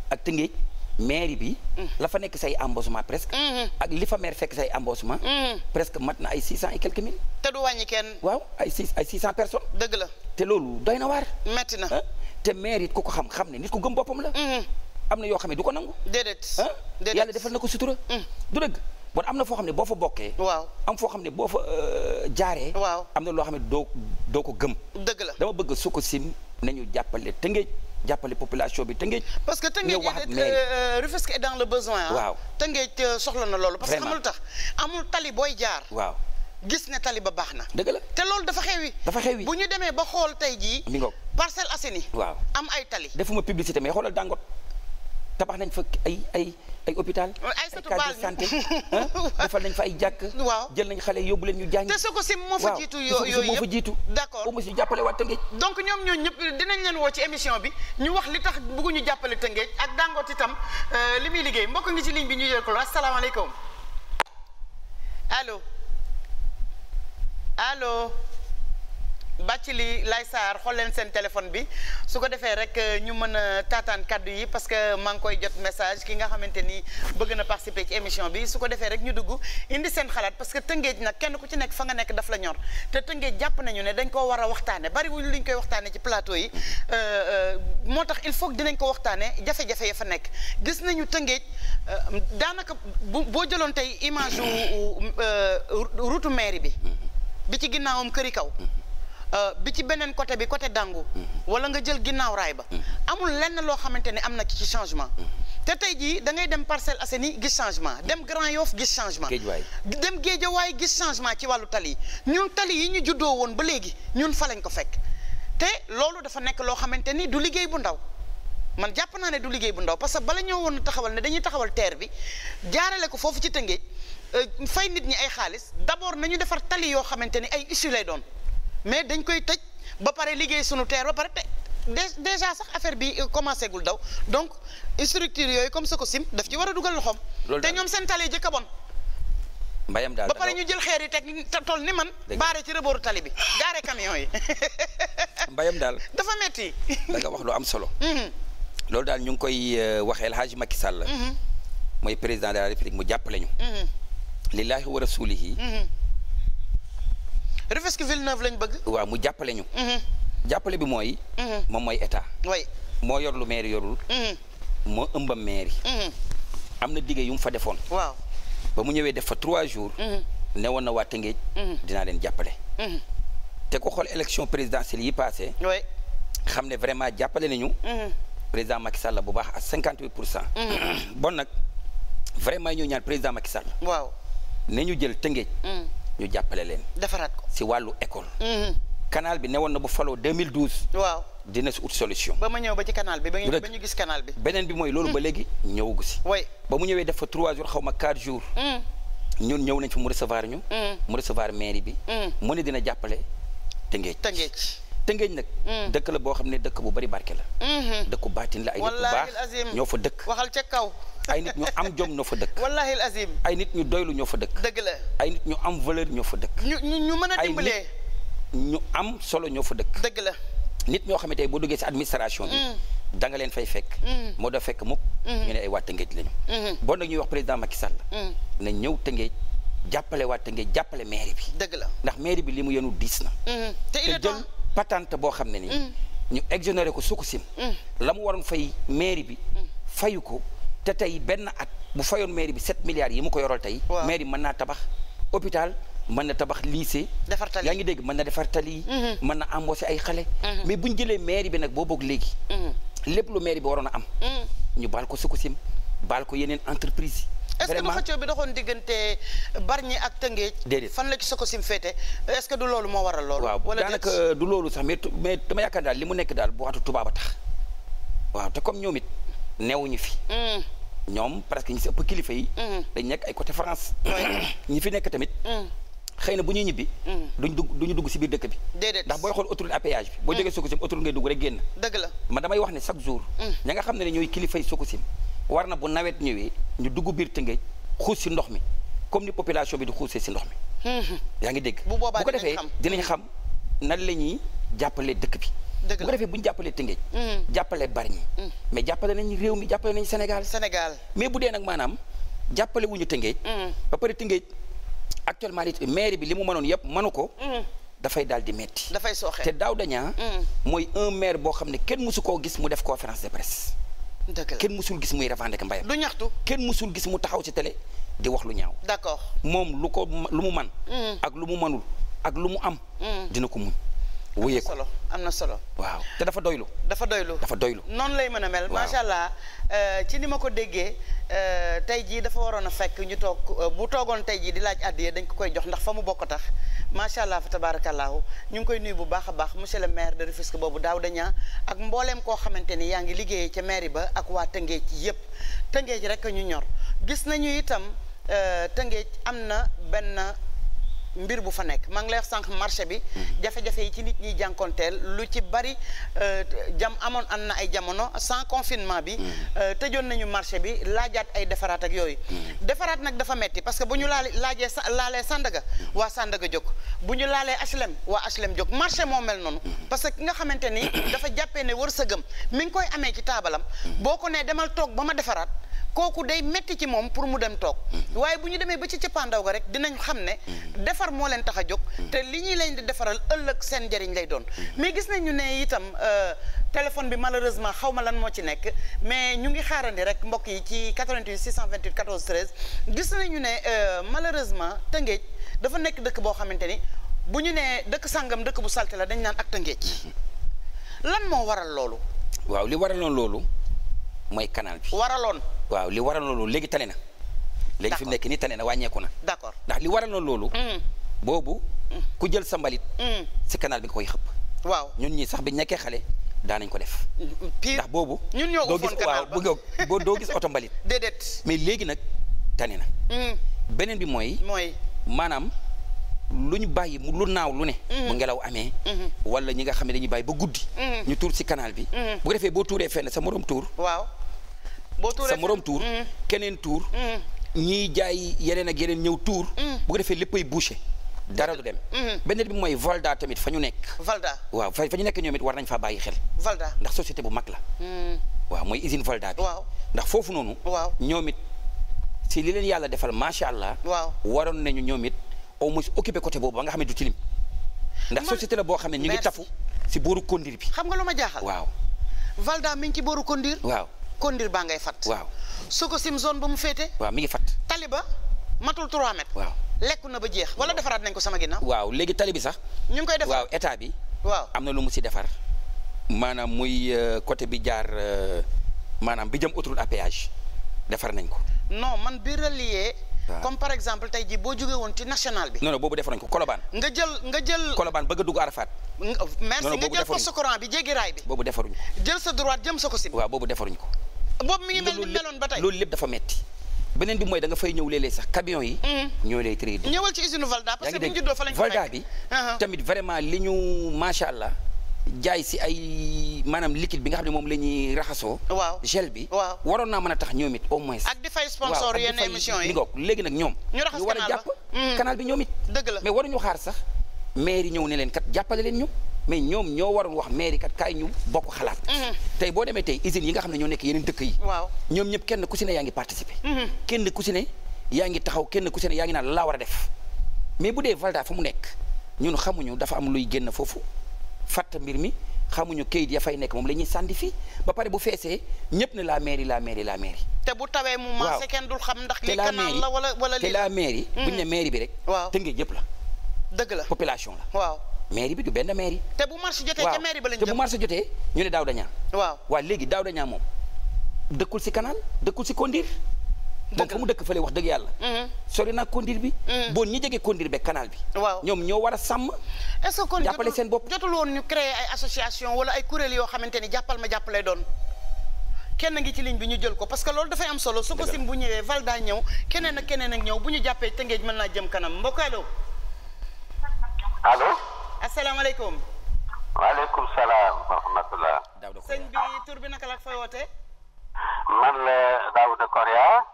ak Tëngéej. mairie bi. Mm. la fa nekk say embauchement presque. Mm-hmm. ak li fa maire fekk say embauchement. Mm-hmm. presque mat na ay six cent et quelques mille. te du wàññi kenn. waaw ay six ay six cent personnes. dëgg la te loolu doy na waar. metti na ah, te maire it ku ko xam xam ne nit ko gëm boppam la. Mm-hmm. am na yoo xam ne du ko nangu. déedéet ah, déedéet yàlla defal na ko sutura. Mm. du dëgg bon am na foo xam ne boo fa bokkee. waaw am foo xam ne boo fa euh, jaaree. waaw am na loo xam ne doo doo ko gëm. dëgg la dama bëgg su ko sim nañu jàppale Tëngéej. jàppale population bi Tëngéej. parce que Tëngéej euh, Rufisque est dans le besoin. waaw Tëngéej euh, soxla na loolu. parce que xamul tax amul tali booy jaar. waaw gis ne tali ba baax na. dëgg la te loolu dafa xewi. dafa xewi bu ñu demee ba xool tey jii. mi ngoog Parcelles Assainies. waaw am ay tali. defuma publicité mais xoolal Dangote tabax nañ fa ay ay. ay hôpital ay case de santé defal nañ fa ay jàkk waaw jël nañ xale yóbbu leen ñu jàng te Sococim moo fa jiitu yooyu yëpp moo d'accord au moins ñu jàppale waa Tëngéej donc ñoom ñoo ñëpp dinañ leen woo ci émission bi ñu wax li tax bëgguñu jàppale Tëngéej ak Dangote itam euh, li muy liggéey mbokk ngi ci ligne bi ñu jël ko la asalaamaaleykum allo li Laye saar xool leen seen téléphone bi su ko defee rek euh, ñu mën a taataan kàddu yi parce que maa koy jot message ki nga xamante ni bëgg na parciper ci émission bi su ko defee rek ñu dugg indi seen xalaat parce que tëngeej nag kenn ku ci nekk fa nga nekk daf la ñor te tëngeej jàpp nañu ne dañ koo war a waxtaane bariwuñu lu ñu koy waxtaane ci plateau yi euh, euh, moo tax il faut que dinañ ko waxtaane jafe-jafe ya fa nekk gis nañu tëngeej daanaka boo jëloon tey image route mairie bi bi ci ginnaawam këri kaw Euh, bi ci beneen côté bi côté Dangu. Mm-hmm. wala nga jël ginnaaw raay ba. Mm-hmm. amul lenn loo xamante ni am na ci changement. Mm-hmm. te tey jii dangay ngay dem Parcelles Assainies gis changement dem Grand Yoff gis changement. dem waaye gis changement ci wàllu tali yi ñun tali yi ñu juddoo woon ba léegi ñun fa lañ ko fekk te loolu dafa nekk loo xamante ni du liggéey bu ndaw. man jàpp naa ne du liggéey bu ndaw parce que bala ñoo woon taxawal ne dañuy taxawal TER bi jaarale ko foofu ci Tëngéej euh, fay nit ñi ay xaalis d'abord nañu defar tali yoo xamante ni ay issue lay doon. mais dañ koy tëj ba pare liggéey sunu teer ba pare te déjà sax affaire bi commencé gul daw donc structure yooyu comme sa ko Sococim daf ci war a dugal loxoom. te ñoom seen tali jëkk a bon. mbayam daal ba pare ñu jël xeer yi teg tol ni man. baare ci rebooru tali bi gaare camion yi. mbayam daal dafa metti da wax lu am solo. Mhm. loolu daal ñu ngi koy euh, wax El Hadj Macky Sall. Mhm. mooy président de la république mu jàppale ñu. Mhm. lillahi wa rasulihi. Rufisque Villeneuve lañu bëgg. waaw mu jàppale ñu. Mm-hmm. jàppale bi mooy. Mm-hmm. moom mooy état. way moo yor lu mairie yorul. Mm-hmm. moo ëmbam mairie. am na diggé yu mu fa defoon. ba mu ñëwee def fa trois jours. ne woon na waa Tëngéej. dinaa leen jàppale. te ko xool élection présidentielle yi passé xam ne vraiment jàppale nañu. président Macky Sall bu baax à cinquante huit pour cent. bon nag vraiment ñu ñaan président Macky Sall. waaw ne ñu jël Tëngéej. ñu jàppale leen. defaraat ko si wàllu école. Mm-hmm. canal bi newoon na bu faloo 2012. waaw dina si ut solution. ba ma ñëw ba ci canal bi ba ñu gis canal bi. beneen bi mooy loolu ba mm. léegi ñëwagu si. ba mu ñëwee dafa 3 jours xaw ma jours. Mm. ñun ñëw nañ fi mu recevoir ñu. Mm. mu recevoir mairie bi. mu ne dina jàppale Tëngéej. Tëngéej. tëngéej nag. Mm. dëkk la boo xam ne dëkk bu bari barke la. Mm-hmm. dëkku baatin la ay nit bu baax ñoo fa dëkk. waxal ca kaw. ay nit ñu am jom ñoo fa dëkk. wallaahi azim. ay nit ñu doylu ñoo fa dëkk. dëgg la ay nit ñu am valeur ñoo fa dëkk. ñu ñu ñu mën a dimbalee. ñu am solo ñoo fa dëkk. dëgg la. nit ñoo xamante ne boo duggee sa administration bi. Mm. da leen fay fekk. Mm. moo da fekk mukk. Mm-hmm. ñu ne ay waa Tëngéej lañu. Mm-hmm. bon nag ñuy wax président Macky Sall. na ñëw Tëngéej jàppale waa Tëngéej jàppale mairie bi. dëgg la ndax mairie bi li mu yenu diis na. patente boo xam ne nii. Mm. ñu exonéré ko sim mm. la mu waroon fay mairie bi. Mm. fayu ko te tey benn at bu fayoon mairie bi sept milliards yi mu ko yoral tey. mairie mën naa tabax hôpital. mën na tabax lycée. defar tali yaa ngi dégg mën na defar tali. Mm-hmm. mën na embaucher ay xale. Mm-hmm. mais bu ñu jëlee mairie bi nag boo boog léegi. Mm-hmm. lépp lu mairie bi waroon a am. ñu baal ko Sococim baal ko yeneen entreprise est ce que du xëccoo bi doxoon diggante Bargny ak Tëngéej. déedéet fan la ci Sococim féete est ce que du loolu moo waral loolu. wala daanaka du loolu sax mais mais dama yaakaar daal li mu nekk daal bu waxtu tubaab a tax waaw te comme ñoom it neewuñu fi. Hmm. ñoom presque ñi si ëpp kilifa yi. Hmm. dañ nekk ay côté France. ñi fi nekk tamit. Hmm. xëy na bu ñuy ñibbi. duñ dugg ñu dugg si biir dëkk bi. déedéet ndax booy xool autoroute à péage bi. boo jógee Sococim autoroute ngay dugg rek génn. la man damay wax ne chaque jour. ña nga xam ne ne ñooy kilifay Sococim war na bu nawet ñëwee ñu dugg biir Tëngéej xuus si ndox mi comme ni population bi di xuusee si ndox mi. Hmm. yaa ngi dégg bu ko defee dinañ xam nan la ñuy jàppale dëkk bi. bu ko defee bu ñu jàppalee Tëngéej. Hmm. jàppale bari ñi. Hmm. mais jàppale nañ réew mi jàppale nañu Sénégal. Sénégal mais bu dee nag maanaam jàppalewuñu wuñu Tëngéej. ba pare Tëngéej actuellement maire bi li mu mënoon yëpp mënu ko. dafay daal di metti dafay sooxe te daaw dañaa mooy un maire boo xam ne kenn mësu koo gis mu def conférence de kenn mosul gis muy revendiquer mbayam du ñaxtu kenn musul gis mu taxaw ci télé di wax lu ñaaw d'accord moom lu ko lu mu man mm. ak lu mu manul ak lu mu am mm. dina ko muñ wuyee am na solo waaw te dafa doylu dafa doylu dafa doylu noonu lay mën a mel macha allah euh, ci ni ma ko déggee euh, tey jii dafa waroon a fekk ñu toog euh, bu toogoon tey jii di laaj àddiya dañ ko koy jox ndax fa mu bokk tax macha allah fa tabaarakallaahu ñu ngi koy nuyu bu baax a baax monsieur le maire de Rufisque boobu Daouda Niang ak mbooleem koo xamante ni yaa ngi liggéeyee ca mairie ba ak waa Tëngéej yépp Tëngéej rek ñu ñor gis nañu itam euh, Tëngéej am na benn mbir bu fa nekk maa ngi lay sànq marché bi. Mm-hmm. jafe-jafe yi ci nit ñi jànkonteel lu ci bari euh, jam amoon an na ay jamono san confinement bi. Mm-hmm. Euh, tëjoon nañu marché bi laajaat ay defaraat ak yooyu. Mm-hmm. defaraat nag dafa metti parce que bu ñu laalee laajee sa laalee Sandaga waa Sandaga jóg bu ñu laalee HLM waa HLM jóg marché moo mel noonu. parce que ki nga xamante ni dafa jàppee ne wërsëgam mi ngi koy amee ci taabalam. boo ko nee demal toog ba ma defaraat. kooku day métti ci moom pour mu dem toog mhm. waaye bu ñu demee ba ci cëppaandaw ga rek dinañ xam ne mhm. defar moo leen tax a jóg mhm. te li ñuy leen di defaral ëllëg seen njëriñ lay doon mais gis nañu ne itam euh, téléphone bi malheureusement xaw ma lan moo ci nekk mais ñu ngi xaarandi rek mbokk yi ci 88 628 14 13 gis nañu ne euh, malheureusement Tëngéej dafa nekk dëkk boo xamante ni bu ñu nee dëkk sàngam dëkk bu salte la dañ naan ak Tëngéej lan moo waral loolu waaw li waral loolu mooy canal bi. waraloon waaw li waraloon loolu léegi tane na. léegi fi mu nekk nii tane na wàññeeku na. d'accord ndax li waraloon loolu. Mm. boobu mm. ku jël sa mbalit. Mm. si canal bi nga koy xëpp. waaw ñun ñii sax bi nekkee xale. daanañ ko def. ndax boobu. ñun ñoo ko foon canal ba doo gis oto mbalit. déedéet mais léegi nag tane na. beneen bi mooy. mooy maanaam lu ñu bàyyi lu naaw lu ne. bu ngelaw amee. Mm-hmm. wala ñi nga xam ne dañuy bàyyi ba guddi. Mm-hmm. ñu tuur si kanaal bi. Mm-hmm. bu ko defee boo tuuree fenn sa morom tuur. sa morom tuur mm. keneen tour mm. ñiy jaay yeneen ak yeneen ñëw tuur mm. bu defee léppay bouché dara du dem beneen bi mooy Valda tamit fa ñu nekk Valda waaw fa ñu nekk ñoom war nañ faa bàyyi xel Valda ndax société bu mag la waaw mooy usine Valda bi waaw ndax foofu noonu waaw ñoom it si li leen yàlla defal macha allah waaw waroon nañu ñoom it au moins occupé côté boobu ba nga xam ne du tilim ndax société la boo xam ne ñu ngi tafu si booru kondir bi xam nga lu ma jaaxal waaw Valda mi ngi ci booru kondir waaw kondir baa ngay fat waaw ko Sococim zone ba mu féete waaw mi ngi fat tali ba matul 3 mètres waaw lekku na ba jeex wala defaraat nañ ko sama ginnaaw waaw léegi tali bi sax ñu ngi koy defar waaw état bi waaw am na lu mu si defar maanaam muy euh, côté bi jaar euh, maanaam bi jëm autoroute à péage defar ko non man bi relier comme par boo jógee woon ci national bi non non boobu defar nañ ko Colobane nga jël nga jël Colobane bëgg a dugg Arafat merci nga jël poste courant bi jéggi raay bi boobu defaruñ ko jël sa droite jëm Sococim waaw boobu defaruñ ko boobu mi ngi mel ni meloon ba tey loolu lépp dafa metti beneen bi mooy danga fay ñëw léeg-léeg sax camion yi mm-hmm. ñoo lay traité ñëwal ci usine Valda parce que bu ñu juddoo fa lañ bi uh-huh. tamit vraiment li ñu macha allah jaay si ay maanaam liquide bi nga xam ne moom la ñuy raxasoo waaw gel bi waaw waroon naa mën a tax ñoom it au moins ak di fay sponsor yenn émission yi ngoog léegi nag ñoom ñu raxas war a jàpp mm-hmm. bi ñoom it dëgg la mais ñu xaar sax maire yi ñëw ne leen kat jàppale leen ñu mais ñoom ñoo waroon wax mairie kat kaay ñu bokk xalaat. Mhm. tey boo demee tey usines yi nga xam ne ñoo nekk yeneen dëkk yi. waaw ñoom ñëpp kenn ku si ne yaa ngi mhm. kenn ku si ne yaa ngi taxaw kenn ku si yaa ngi naan laa war a def mais bu dee Valda fa mu nekk ñun xamuñu dafa am luy génn foofu fàtt mbir mi xamuñu kayit ya fay nekk moom la ñuy sànni fii ba pare bu feesee ñëpp ne la mairie la mairie la mairie. te bu tawee mu marché kenn dul xam ndax. li canal la wala wala lii te la mairie. buñ mhm. ne bi rek. waaw tënkee jëpp la. dëgg la population la waaw. mairie bi du benn mairie. te bu marché jotee ca mairie ba lañ jëm te bu marché jotee ñu ne daaw dañaa. waaw waa léegi daaw dañaa moom dëkkul si canal dëkkul si kondir moom mu dëkk fa fële wax dëgg yàlla. Mm-hmm. sori naa kondir bi. Mm-hmm. bon ñi jege kondir be canal bi. waaw ñoom ñoo war a sàmm. est-ce que kon jàppale seen bopp jotul woon ñu créer ay association wala ay kuréel yoo xamante ni jàppal ma jàppalee doon. kenn ngi ci ligne bi ñu jël ko parce que loolu dafay am solo su bu ñëwee Valda ñëw keneen ak keneen ak ñëw bu ñu jàppee Tëngéej mën naa jëm kanam mbokk asalaamaaleykum. waaleykum salaam wa rahmatulah. bi tur bi naka la fay wootee. man la Daouda Correa.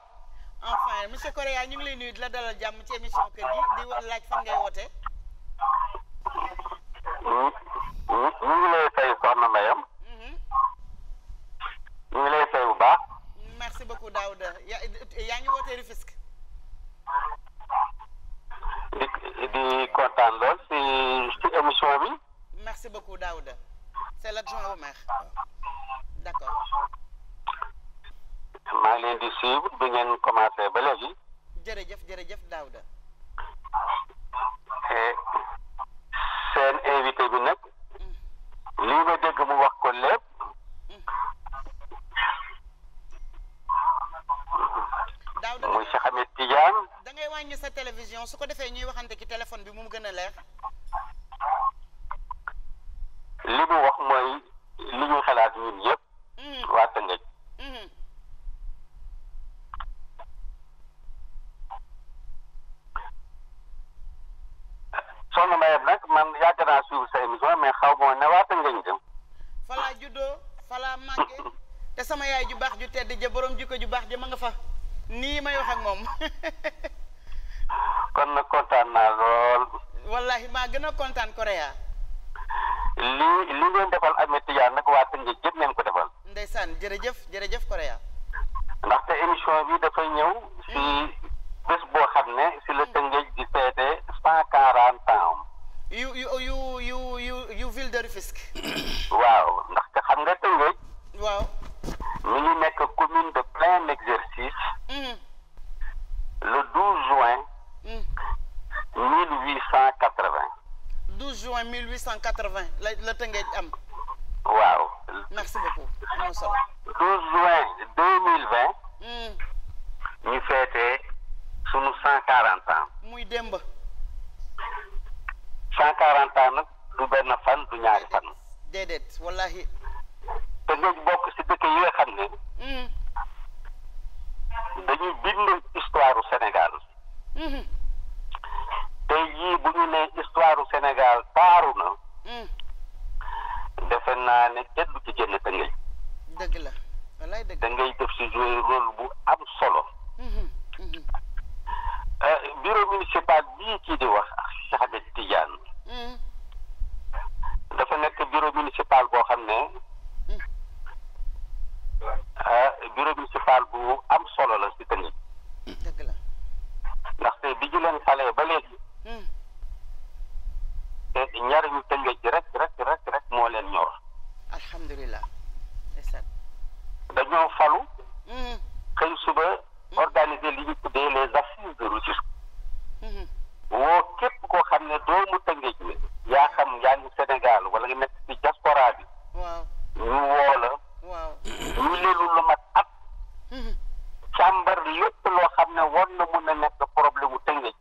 enfin monsieur Correa ñu ngi lay nuyu di la dalal jàmm ci émission kër gi di laaj fan ngay wootee. ñu ngi lay fay soxna Mbayam. Mhm. ñu ngi lay fay bu baax. merci beaucoup Daouda yaa yaa ngi wootee Rufisque. di di kontaan lool si si émission bi. merci beaucoup Daouda c'est l'adjoint au maire d'accord. maa ngi leen di suivre bi ngeen commencé ba léegi. jërëjëf jërëjëf Daouda. Eh, seen invité bi nag. Mm. lii ma dégg mu wax ko lépp. Mm. muy Cheikh Ahmed Tidiane. da dangay wàññi sa télévision su ko defee ñuy waxante ci téléphone bi mu gën a leer. li mu wax mooy li ñu xalaat ñun yëpp. Mm-hmm. waa Tëngéej. Mm-hmm. soxna Mbayeb nag man yàgg naa suivre sa émission mais xaw ma ne waa Tëngéej dem. falaa juddoo falaa màggee te sama yaay ju baax ju tedd ja borom jikko ju baax ja ma nga fa. nii may wax ak moom. kon nag kontaan naa lool. wallahi maa gën a kontaan Korea. li li ngeen defal Ahmed Tidiane nag waa Tëngéej jëpp ngeen ko defal. ndeysaan jërëjëf jërëjëf Korea. ndaxte émission bi dafay ñëw si mm-hmm. bés boo xam ne si la Tëngéej di feete cent quarante ans. yu yu yu yu yu yu ville de Rufisque. waaw ndaxte xam nga Tëngéej. waaw. mi ngi nekk commune de plein exercice mm. le 12 juin 1880 mm. 12 juin 1880 la la Tëngéej am waaw merci beaucoup am solo 12 juin 2020 mm. ñu feetee sunu 140 ans muy démb cent ans nag du benn fan du ñaari fan déedéet wallahi te bokk si dëkk yi nga xam ne mm. dañuy bind histoire Sénégal mm-hmm. tey jii bu ñu nee histoire Sénégal taaru na mm. defe naa ne kenn du ci génn Tëngéej dëgg la wallaay da ngay def si jouer rôle bu am solo mm-hmm. Mm-hmm. Euh, bureau municipal bii ci di wax Cheikh Ahmed Tidiane mm. dafa nekk bureau municipal boo xam ne Ah, bureau municipal bu am solo la si tamit. dëgg la ndaxte bi ñu leen ba léegi. Hmm. te ñaari ñu tënkee ci rek rek rek moo leen ñor. alhamdulilah. dañoo falu. Hmm. xëy suba organiser li ñu tuddee les assises de Rufisque. Hmm. woo képp koo xam ne doomu Tëngéej la yaa xam yaa ngi Sénégal wala nekk ci diaspora bi. ñu woo la. lu leelu lu mat at càmbar lépp loo xam ne war na mun a nekk problème mu Tëngéej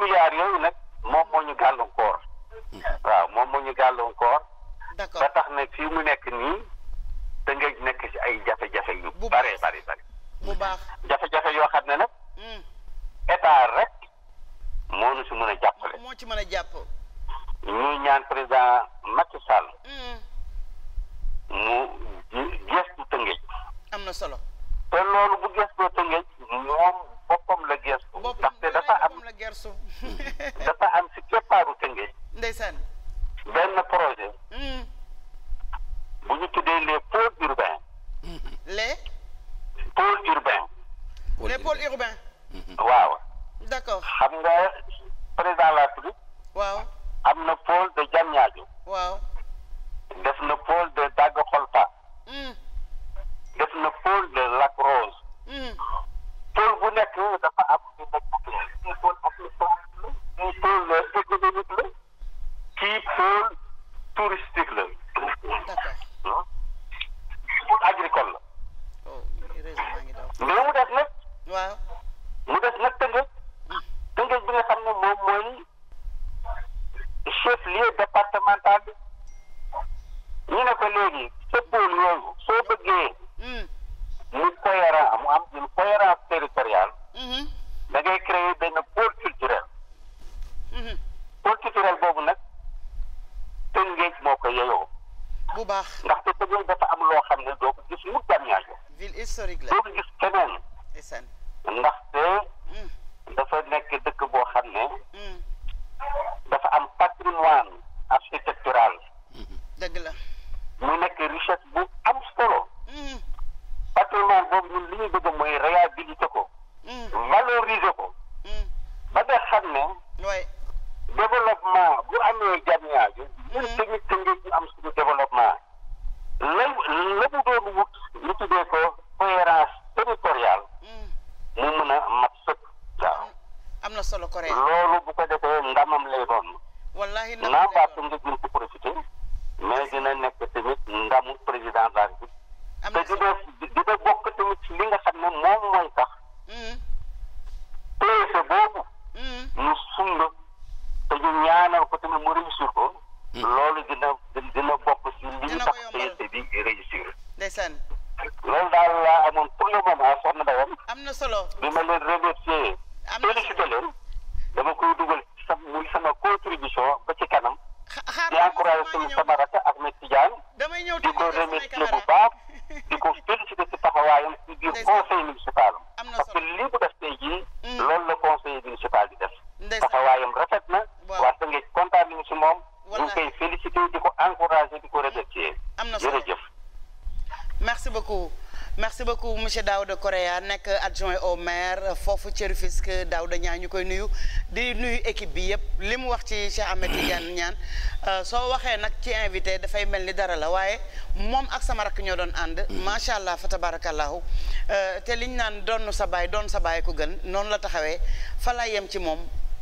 milliards yooyu nag moom moo ñu gàllankoor waaw moom moo ñu gàllankoor ba tax na fii mu nekk nii da ngay nekk ci ay jafe-jafe yu bare bare bare bu baax jafe-jafe yoo xam ne nag hmm. état rek moo nu si mën a jàppale moo ci mën a jàpp ñuy ñaan président Macky sal hmm. mu gestu Tëngéej am na solo te loolu bu gestoo Tëngéej moom boppam la gersu ndaxte dafa am dafa am si keppaaru tëngeej ndeysaan benn projet hmm. bu ñu tuddee les pôles urbains les pôles urbains les pôles urbains waaw d'accord xam nga président la République waaw am na pôle de Diamniadio waaw def na pôle de Daga Kholpa hmm. def na pôle de Lac Rose hmm. pôle bu nekk dafa am ñu nekk kii pôle administratif la kii pôle économique la li pôle touristique la. d'accord kii pôle agricole la. Oh, mais mu des nag. waaw mu des nag Tëngéej. Hmm. Tëngéej bi nga xam ne moom mooy chef lieu départemental bi ñu ne ko léegi sa pôle yooyu soo bëggee. Hmm. lu cohérent mu am une cohérence territoriale mhm. da ngay créer benn pôle culturel mhm. pôle culturel boobu nag Tëngéej moo ko yeyoo bu baax ndaxte Tëngéej dafa am loo xam ne doo ko gis mukk Diamniadio ville historique la doo ko gis keneen ndaxte mhm. dafa nekk dëkk boo xam ne dafa am patrimoine architectural dëgg la mu nekk richesse bu am solo actuellement boobu ñun li ñu bëgg mooy réhabiliter monsieur Daouda Correa nekk adjoint au maire foofu ci daaw Daouda ñaa ñu koy nuyu di nuyu équipe bi yëpp li mu wax ci Cheikh Ahmed Tidiane ñaan euh, soo waxee nag ci invité dafay mel ni dara la waaye moom ak sama rakk ñoo doon ànd mm-hmm. macha allah fa tabarakallahu euh, te li ñu naan doon sa baay doon sa baay ko gën noonu la taxawee fa laa yem ci moom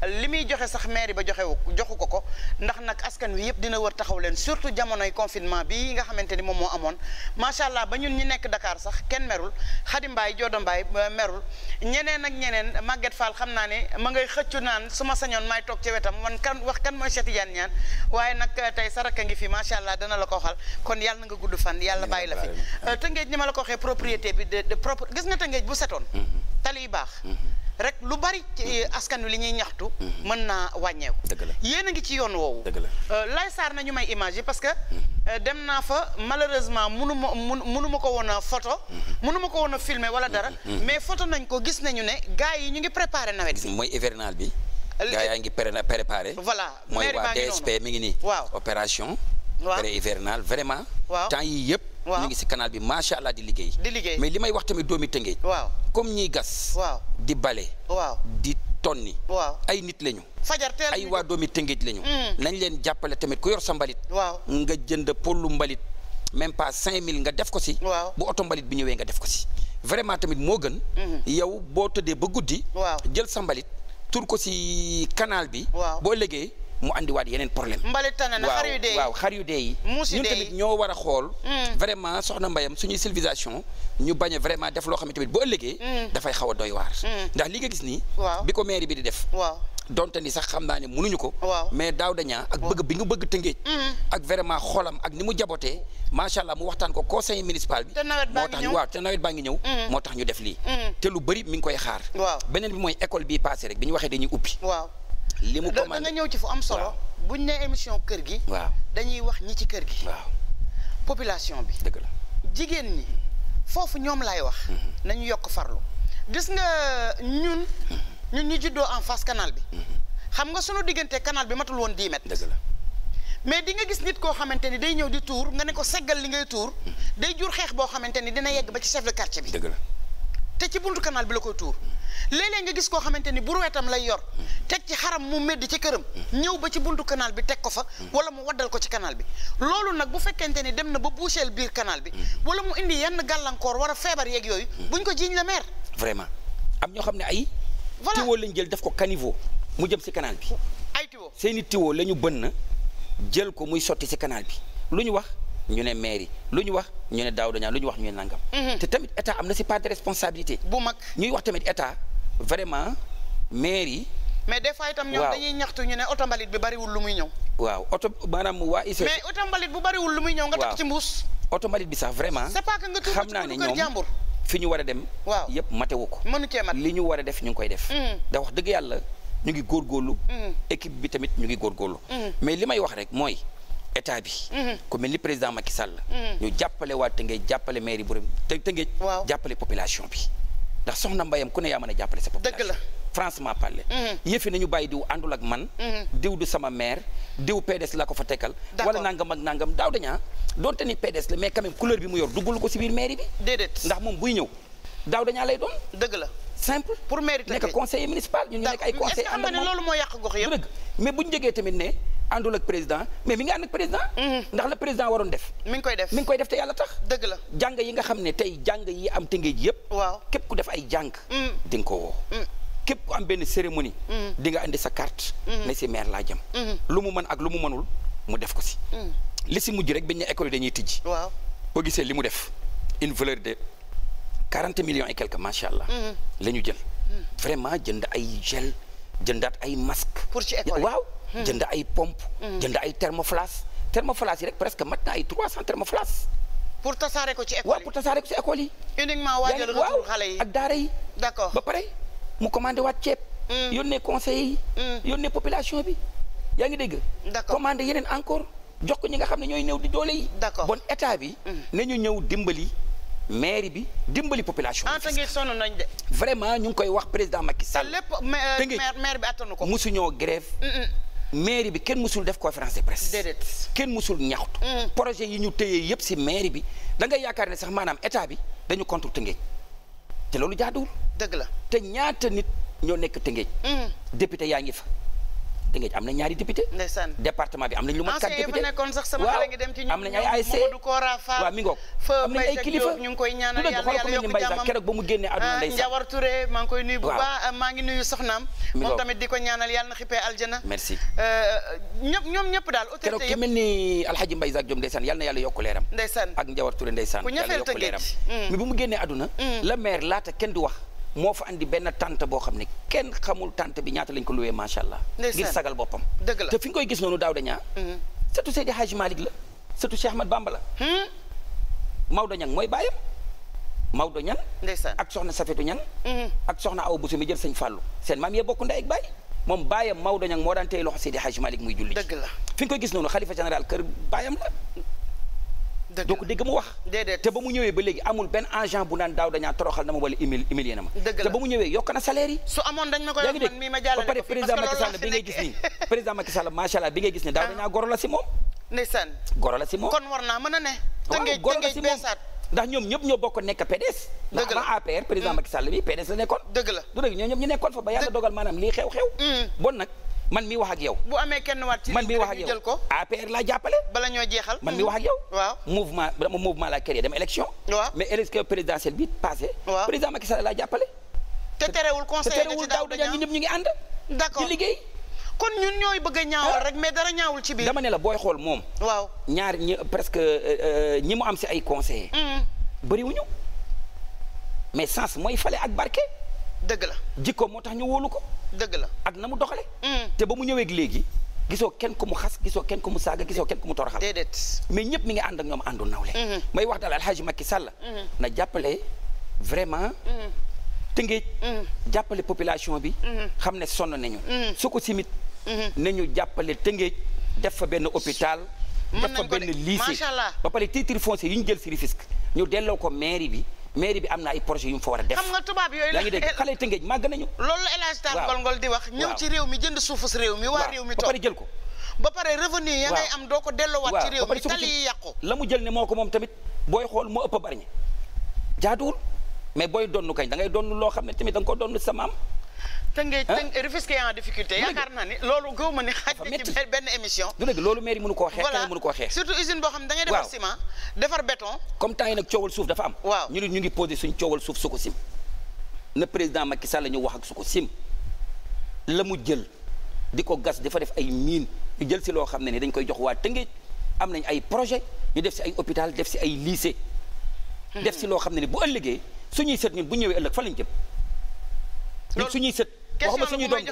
li muy joxe sax maire ba joxe joxu ko ko ndax nag askan wi yëpp dina wër taxaw leen surtout jamonoy confinement bi nga xamante ni moom moo amoon macha allah ba ñun ñi nekk Dakar sax kenn merul Xadi Mbaay Jooda Mbaay merul ñeneen ak ñeneen Maguette Fall xam naa ne ma ngay xëccu naan su ma sañoon maay toog ci wetam wan kan wax kan mooy Cheikh Tidiane Niane waaye nag eh, tey sa rakk ngi fi macha allah dana la ko waxal kon yàlla na nga gudd fan yàlla bàyyi la fi eh, tëngeej ni ma la ko xee propriété bi de de propre gis nga tëngeej bu setoon mm-hmm. tali baax mm-hmm. rek lu bari ci askan wi li ñuy ñaxtu. Mhm. mën naa wàññeeku. dëgg la yéen a ngi ci yoon woowu. dëgg la euh, lay saar na ñu may image parce que. Mhm. Euh, dem naa fa malheureusement munu ma munu ma ko woon a photo. Mhm. munu ko woon a filmer wala dara. mais photo nañ ko gis nañu ne gars yi ñu ngi préparer nawet bi. mooy hivernal bi. gaa yaa ngi préparé. voilà mooy waa DSP mi ngi nii. waaw opération. waaw vraiment. waaw temps yii yëpp. waaw ñu ngi si canal bi macha allah di liggéey. liggéey mais li may wax tamit doomi Tëngéej. waaw comme ñiy gas. waaw di bale. waaw di tonni. waaw ay nit lañu. fajar teel ay waa doomi Tëngéej lañu. Mm. nañ leen jàppale tamit ku yor sa mbalit. waaw nga jënd pollu mbalit. même pas 5000 nga def ko si. waaw bu oto mbalit bi ñëwee nga def ko si. vraiment tamit moo gën. Mm-hmm. yow boo tëddee ba guddi. waaw jël sa mbalit tur ko si kanaal bi. waaw boo liggéey. mu andiwaat yeneen problème. mbalit tane na xar waaw xar yu dee yi. ñun tamit ñoo war a xool. Mm. vraiment soxna mbayam suñuy civilisation ñu bañ a vraiment def loo xam ne tamit bu ëllëgee. Mm. dafay xaw a doy waar. Mm. ndax li nga gis nii. waaw bi ko mairie bi di def. waaw donte ni sax xam naa ne mënuñu ko. waaw mais daaw dañaa ak bëgg bi nga bëgg tëngéej. ak vraiment xoolam ak ni mu jabootee macha allah mu waxtaan ko conseil municipal bi. te nawet moo tax waaw te nawet baa ngi ñëw. moo tax ñu def lii. te lu bëri mi ngi koy xaar. waaw beneen bi mooy école bii passé rek bi ñu waxee dañuy ubbi. waaw li mu commandé ñëw ci fu am solo. bu buñ ne émission kër gi. waaw dañuy wax ñi ci kër gi. waaw population bi. dëgg jigéen ñi foofu ñoom laay wax. Mm-hmm. nañu yokk farlu. gis nga ñun. Mm-hmm. ñun ñu juddoo en face canal bi. Mm-hmm. xam nga sunu diggante canal bi matul woon 10 mètres. dëgg la mais di nga gis nit koo xamante ni day ñëw di tuur nga ne ko seggal li ngay tuur. day jur xeex boo xamante ni dina yegg ba ci chef de quartier bi. dëgg te ci buntu kanaal bi la koy tuur léeg nga gis koo xamante ni buruweetam lay yor teg ci xaram mu médd ci këram ñëw ba ci buntu kanaal bi teg ko fa wala mu waddal ko ci kanaal bi loolu nag bu fekkente ni dem na ba boucher biir kanaal bi wala mu indi yenn gàllankoor war feebar yeeg yooyu buñ ko jiiñ la meer vraiment am ñoo xam ne ay voilà tiwo lañ jël def ko caniveau mu jëm si canal bi ay tiwo seeni tiwo la ñu bënn jël ko muy sotti ci kanaal bi lu ñu wax ñu ne mairie lu ñu wax ñu ne daaw dañaa lu ñu wax ñu ne nangam. Mhm. te tamit état am na si part de responsabilité. bu mag ñuy wax tamit état vraiment mairie. mais des fois itam ñoom dañuy ñaxtu ñu ne oto mbalit bi bariwul lu muy ñëw. waaw oto maanaam waa ISRA. mais mbalit bu bariwul lu muy ñëw. nga takk ci mbuus. oto mbalit bi sax vraiment. c'est pas que nga xam naa ne ñoom fi ñu war a dem. waaw yëpp matewu ko. mënu cee mat li ñu war a def ñu ngi koy def. Mhm. da wax dëgg yàlla ñu ngi góorgóorlu. Mhm. équipe bi tamit ñu ngi góorgóorlu. mais li may wax rek mooy état bi. Mhm. ku mel ni président Macky Sall. Mhm. ñu jàppale waa Tëngéej jàppale mairie bu rëy Tëngéej. jàppale population bi. ndax soxna mbayam ku ne yaa mën a jàppale sa population. dëgg la franchement parler. Mhm. yëfi nañu bàyyi diw àndul ak man. diw du sama maire diw PDS la ko fa tekkal. wala nangam ak nangam daaw dañaa ah. doonte ni PDS la mais quand couleur bi mu yor duggul ko si biir mairie bi. déedéet ndax moom buy ñëw daaw dañaa lay doon. dëgg la. simple. pour mériter nekk conseiller municipal ñun ñu nekk ay conseil ànd ak loolu moo yàq gox yëpp mais bu ñu tamit ne àndul ak président mais mi ngi ànd ak président. Mhm. ndax la président waroon def. mi ngi koy def te yàlla tax. dëgg la jàng yi nga xam ne tey jàng yi am tëngéej yëpp. waaw képp ku def ay jàng. Mhm. di nga ko woo. Mhm. képp ku am benn cérémonie. di nga andi sa carte. ne si maire laa jëm. lu mu mën ak lu mu mënul mu def ko si. li si mujj rek bañ ne école dañuy tijji. waaw boo gisee li mu def une valeur de 40 millions et quelques macha allah. Mm-hmm. la ñu jël. Mm-hmm. vraiment jënd ay gel jëndaat ay masque pour ci école waaw mm-hmm. jënd ay pompe jënd ay thermoflash thermoflash yi rek presque mat na ay 300 thermoflash. pour tasaare ko ci école yi waaw pour tasaare ko ci yi. uniquement waajal retour xale yi ak daara yi. ba pare mu commandé waat ceeb. Mm. yónnee conseil yi. Mm. yónnee population bi yaa ngi dégg. d'accord commandé yeneen encore jox ko ñi nga xam ne ñooy ñëw di doole yi. d'accord bon état bi. Mm. nañu ñëw dimbali. mairie bi dimbali population bi. Tëngéej sonn nañ de. vraiment ñu ngi koy wax président Macky Sall. lépp euh, maire bi attanu ko. mosu ñoo grève. mairie bi kenn mosul def conférence de presse. déedéet kenn mosul ñaxtu. projet yi ñu téye yëpp si mairie bi dangay yaakaar ne sax maanaam état bi dañu contre Tëngéej te loolu jaaduwul. dëgg la te ñaata nit ñoo nekk Tëngéej. député yaa ngi fa. Tëngéej am na ñaari député ndeysaan département bi am nañ lu mat quatre député waaw am nañ ay ASC waaw ay kilifa ñu ngi koy ñaanal yàlla yàlla yokk jàmmam ba mu génnee àdduna ah, ndeysaan Njawar Touré maa ngi koy nuyu bu baax ah, maa ngi nuyu soxnaam moom tamit Alhaji euh, Mbaye Sarr Diop ndeysaan yàlla na yàlla yokk leeram ndeysaan ak Njawar Touré ndeysaan yàlla yokk mm. mu génnee àdduna mm. la maire laata kenn du wax moo fa andi benn tante boo xam ne kenn xamul tante bi ñaata lañ ko luwee macha allah. ngir sagal boppam. dëgg te fi nga koy gis noonu daaw dañaa. Mhm. sëtu Seydi Hadji Malick la. sëtu Cheikh Ahmad Bamba la. Hmm? Maodo Niang mooy bàyyam. Maodo Niang. ndeysaan ak soxna Safetu Niang. Mhm. ak soxna Awa Bousso mi jël sëñ Fallou. seen maam yee bokk ndey ak baay. moom baayam Maodo Niang moo daan téye loxo Seydi Hadji Malick muy julli. dëgg la fi nga koy gis noonu xalifa général kër baayam la. donc dégg mu wax te ba mu ñëwee ba léegi amul benn agent bu naan daaw dañaa toroxal na ma wala humil humilié na ma te ba mu ñëwee yokk na salaire yi su amoon dañ ma koy wax man mii bi ngay gis nii daaw ah. dañaa goro la si moom goro la si moom kon war naa mën a ne te ngay goro la si moom ndax ñoom ñëpp ñoo bokk nekk PDS ndax avant APR président mm. Macky Sall bi PDS la nekkoon dëgg la du dëgg ñoo ñëpp ñu nekkoon fa ba yàlla dogal maanaam lii xew-xew mm. bon nag man mi wax ak yow. bu amee kenn waat ci man mi wax ak yow jël ko. APR laa jàppale. bala ñoo jeexal. man mi wax ak yow. waaw mouvement dama mouvement laa créé dama élection. waaw mais élection présidentielle bi passé. waaw président Macky Sall laa jàppale. te terewul conseiller nga ci daaw dañu ñëpp ñu ngi ànd. d'accord ci liggéey. kon ñun ñooy bëgg a ñaawal ah. rek mais dara ñaawul ci biir. dama ne la booy xool moom. waaw ñaar ñi presque euh, euh, ñi mu am si ay conseillers. Mm-hmm. bëriwuñu mais sens mooy fale ak barke. dëgg la jikko moo tax ñu wóolu ko. dëgg la ak na mu doxale hmm. te ba mu ñëweeg léegi gisoo kenn ku mu xas gisoo kenn ku mu saaga gisoo kenn ku mu toroxal déedéet mais ñëpp mi ngi ànd ak ñoom àndu nawle hmm. may wax daal alxaaji Macky Sall hmm. na jàppale vraiment tëngéej jàppale population bi xam ne sonn nañu su ko simit nañu jàppale tëngéej def fa benn hôpital def fa benn lycée ba pare titre foncier yu ñu jël si Rufisque ñu delloo ko mairie bi mairie bi am na ay projet yu mu fa war a def. xam nga tubaab yooyu la yaa ngi dégg xale yi tëngeej nañu. loolu la Ngol Ngol di wax. ñëw ci réew mi jënd suufus réew mi. waa réew mi toog ba pare jël ko. ba pare revenu ya ngay am doo ko delloowaat ci réew mi tali yi yàqu la mu jël ne moo ko moom tamit booy xool moo ëpp a bari ñi jaaduwul mais booy donnu kañ da ngay donnu loo xam ne tamit da nga ko donnu sa maam Tëngéej Tëngéej Rufisque en difficulté yaakaar naa ni loolu gëw ma ni xaj benn émission du dëgg loolu mairie mënu koo xeex kenn mënu koo xeex surtout usine boo xam ne da ngay defar ciment defar béton comme temps yi nag coowal suuf dafa am ñu ngi posé suñ coowal suuf su ko sim na président Macky Sall la ñu wax ak su ko sim la mu jël di ko gas dafa def ay mine jël si loo xam ne ni dañ koy jox waa Tëngéej am nañ ay projet ñu def si ay hôpital def si ay lycée hmm. def si loo xam ne ni bu ëllëgee suñuy sët bu ñëwee ëllëg fa lañ jëm ñun suñuy waxuma suñuy doom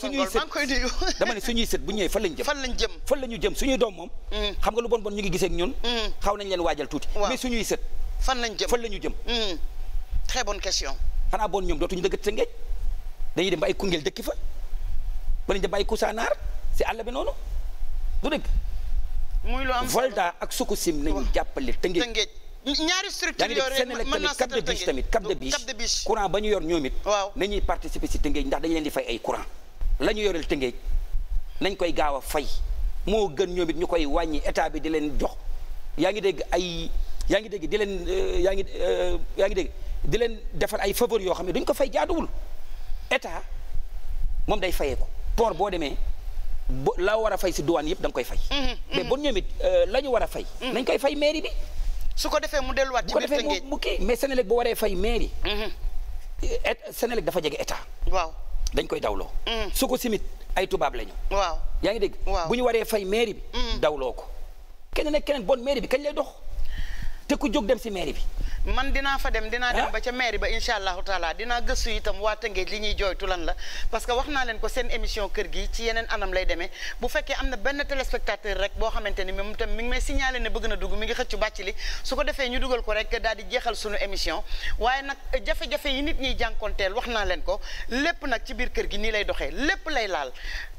suñuy sët dama ne suñuy sët bu ñëwee fan lañ jëm fan lañ jëm fan la ñu jëm suñuy doom moom mm. xam nga lu bon bon ñu ngi gisee ak ñun mm. xaw nañ leen waajal tuuti mais suñuy sët fan lañ jëm fan la ñu jëm mm. très bonne question xanaa bon ñoom dootuñu dëkk Tëngéej dañuy dem ba ay Koungheul dëkki fa balañu dem ba ay Kousanaar si àll bi noonu du dëgg muy lu am Volda ak Sococim nañu jàppale Tëngéej ñaari structure yooyu rek mën naa cap de biche tamit cap de biche courant ba ñu yor ñoom it nañuy participer si tëngeej ndax dañu leen di fay ay courant la ñu yoreel tëngeej nañ koy gaaw a fay moo gën ñoom it ñu koy wàññi état bi di leen jox yaa ngi dégg ay yaa ngi dégg di leen euh, yaa ngi euh, yaa ngi dégg di leen defal ay faveur yoo xam ne dañ ko fay jaaduwul état moom day fayee ko port boo demee bo la war a fey si douane yëpp da koy fay mm-hmm, mais mm-hmm. bon ñoom it euh, la ñu war a fay mm-hmm. nañ koy fay mairie bi su ko defee mu delluwaat ci biir Tëngéej mu kii mais Sénélec bu waree fay mairie. Mm-hmm. Sénélec dafa jege état. waaw dañ koy dawloo. Mm. su ko simit ay tubaab la waaw yaa ngi dégg. waaw bu ñu waree fay mairie bi. Mm-hmm. dawloo ko keneen ak keneen bon mairie bi kañ lay dox te ku jóg dem si mairie bi. man dinaa fa dem dinaa dem ah. ba ca mairie ba incha allahu taala dinaa gëstu itam waa Tëngéej li ñuy jooytu lan la parce que wax naa leen ko seen émission kër gi ci yeneen anam lay demee bu fekkee am na benn téléspectateur rek boo xamante ni moom itam mi ngi may signalé ne bëgg na dugg mi ngi xëccu bàcc li su ko defee ñu dugal ko rek daal di jeexal suñu émission waaye nag eh, jafe-jafe yi nit ñiy jànkonteel wax naa leen ko lépp nag ci biir kër gi nii lay doxee lépp lay laal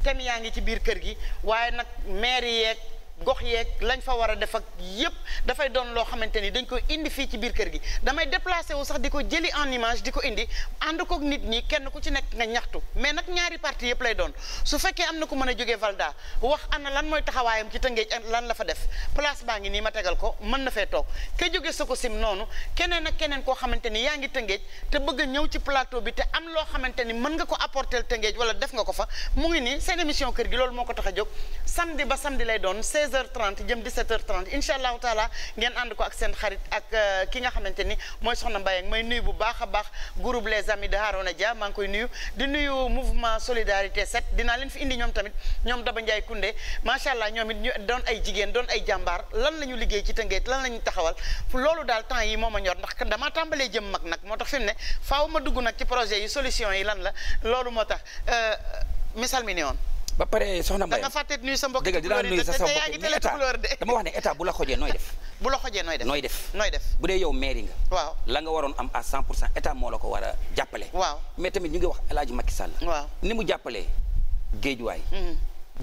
thème yaa ngi ci biir kër gi waaye nag mairie gox yeeg lañ fa war a def ak yépp dafay doon loo xamante ni dañ ko indi fii ci biir kër gi damay déplacé wu sax di ko jëli en image di ko indi ànd kook nit ñi kenn ku ci nekk nga ñaxtu mais nag ñaari parti yépp lay doon su fekkee am na ku mën a jógee Valda wax ana lan mooy taxawaayam ci Tëngéej lan la fa def place baa ngi nii ma tegal ko mën na fee toog ke jóge Sococim noonu keneen ak keneen koo xamante ni yaa ngi Tëngéej te bëgg ñëw ci plateau bi te am loo xamante ni mën nga ko apporter Tëngéej wala def nga ko fa mu ngi seen émission kër gi loolu moo ko tax a jóg samedi ba samedi 16h30 jëm 17h30 incha allahu taala ngeen ànd ko ak seen xarit ak euh, ki nga xamante ni mooy soxna Mbaye may nuyu bu baax a baax group les amis de Harouna Dia maa ngi koy nuyu di nuyu solidarité 7 dinaa leen fi indi ñoom tamit ñoom Daba Ndiaye Koundé macha allah ñoom it ñu doon ay jigéen doon ay jàmbaar lan la ñu liggéey ci tëngeet lan la ñu taxawal loolu daal temps yi moom ma ñor ndax dama tàmbalee jëm mag nag moo tax fi mu ne faaw ma dugg nag ci projet yi solution yi lan la loolu moo tax euh, misaal mi ne woon ba pare soxna Mbaye da sa mbokk dëgg dinaa nuyu sa sa mbokk dama wax ne état bu la xojee nooy def bu nooy def nooy def nooy def bu dee yow mairie nga waaw la nga waroon am a cent pour cent état moo la ko war a jàppale waaw mais tamit ñu ngi wax El Hadj Macky Sall waaw ni mu jàppalee géejuwaay mm-hmm.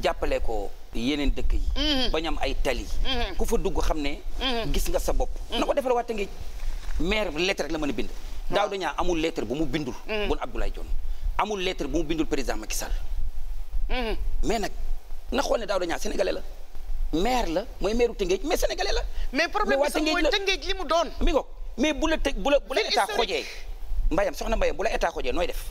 jàppale ko yeneen dëkk yi mm-hmm. bañ am ay tali mm-hmm. ku fa dugg xam ne gis nga sa bopp na ko defar waate ngi maire lettre rek la mën a bind daaw dañaa amul lettre bu mu bindul bun Abdoulaye Dione amul lettre bu mu bindul président Macky Sall Mm-hmm. mais nag na xool ne Daouda dañaa sénégalais la maire la mooy maire Tëngéej mais sénégalais la. mais problème bi sax mooy Tëngéej li mu doon. mi ngoog mais bu la të bu la bu la état xojee mbayam soxna mbayam bu la état xojee nooy def.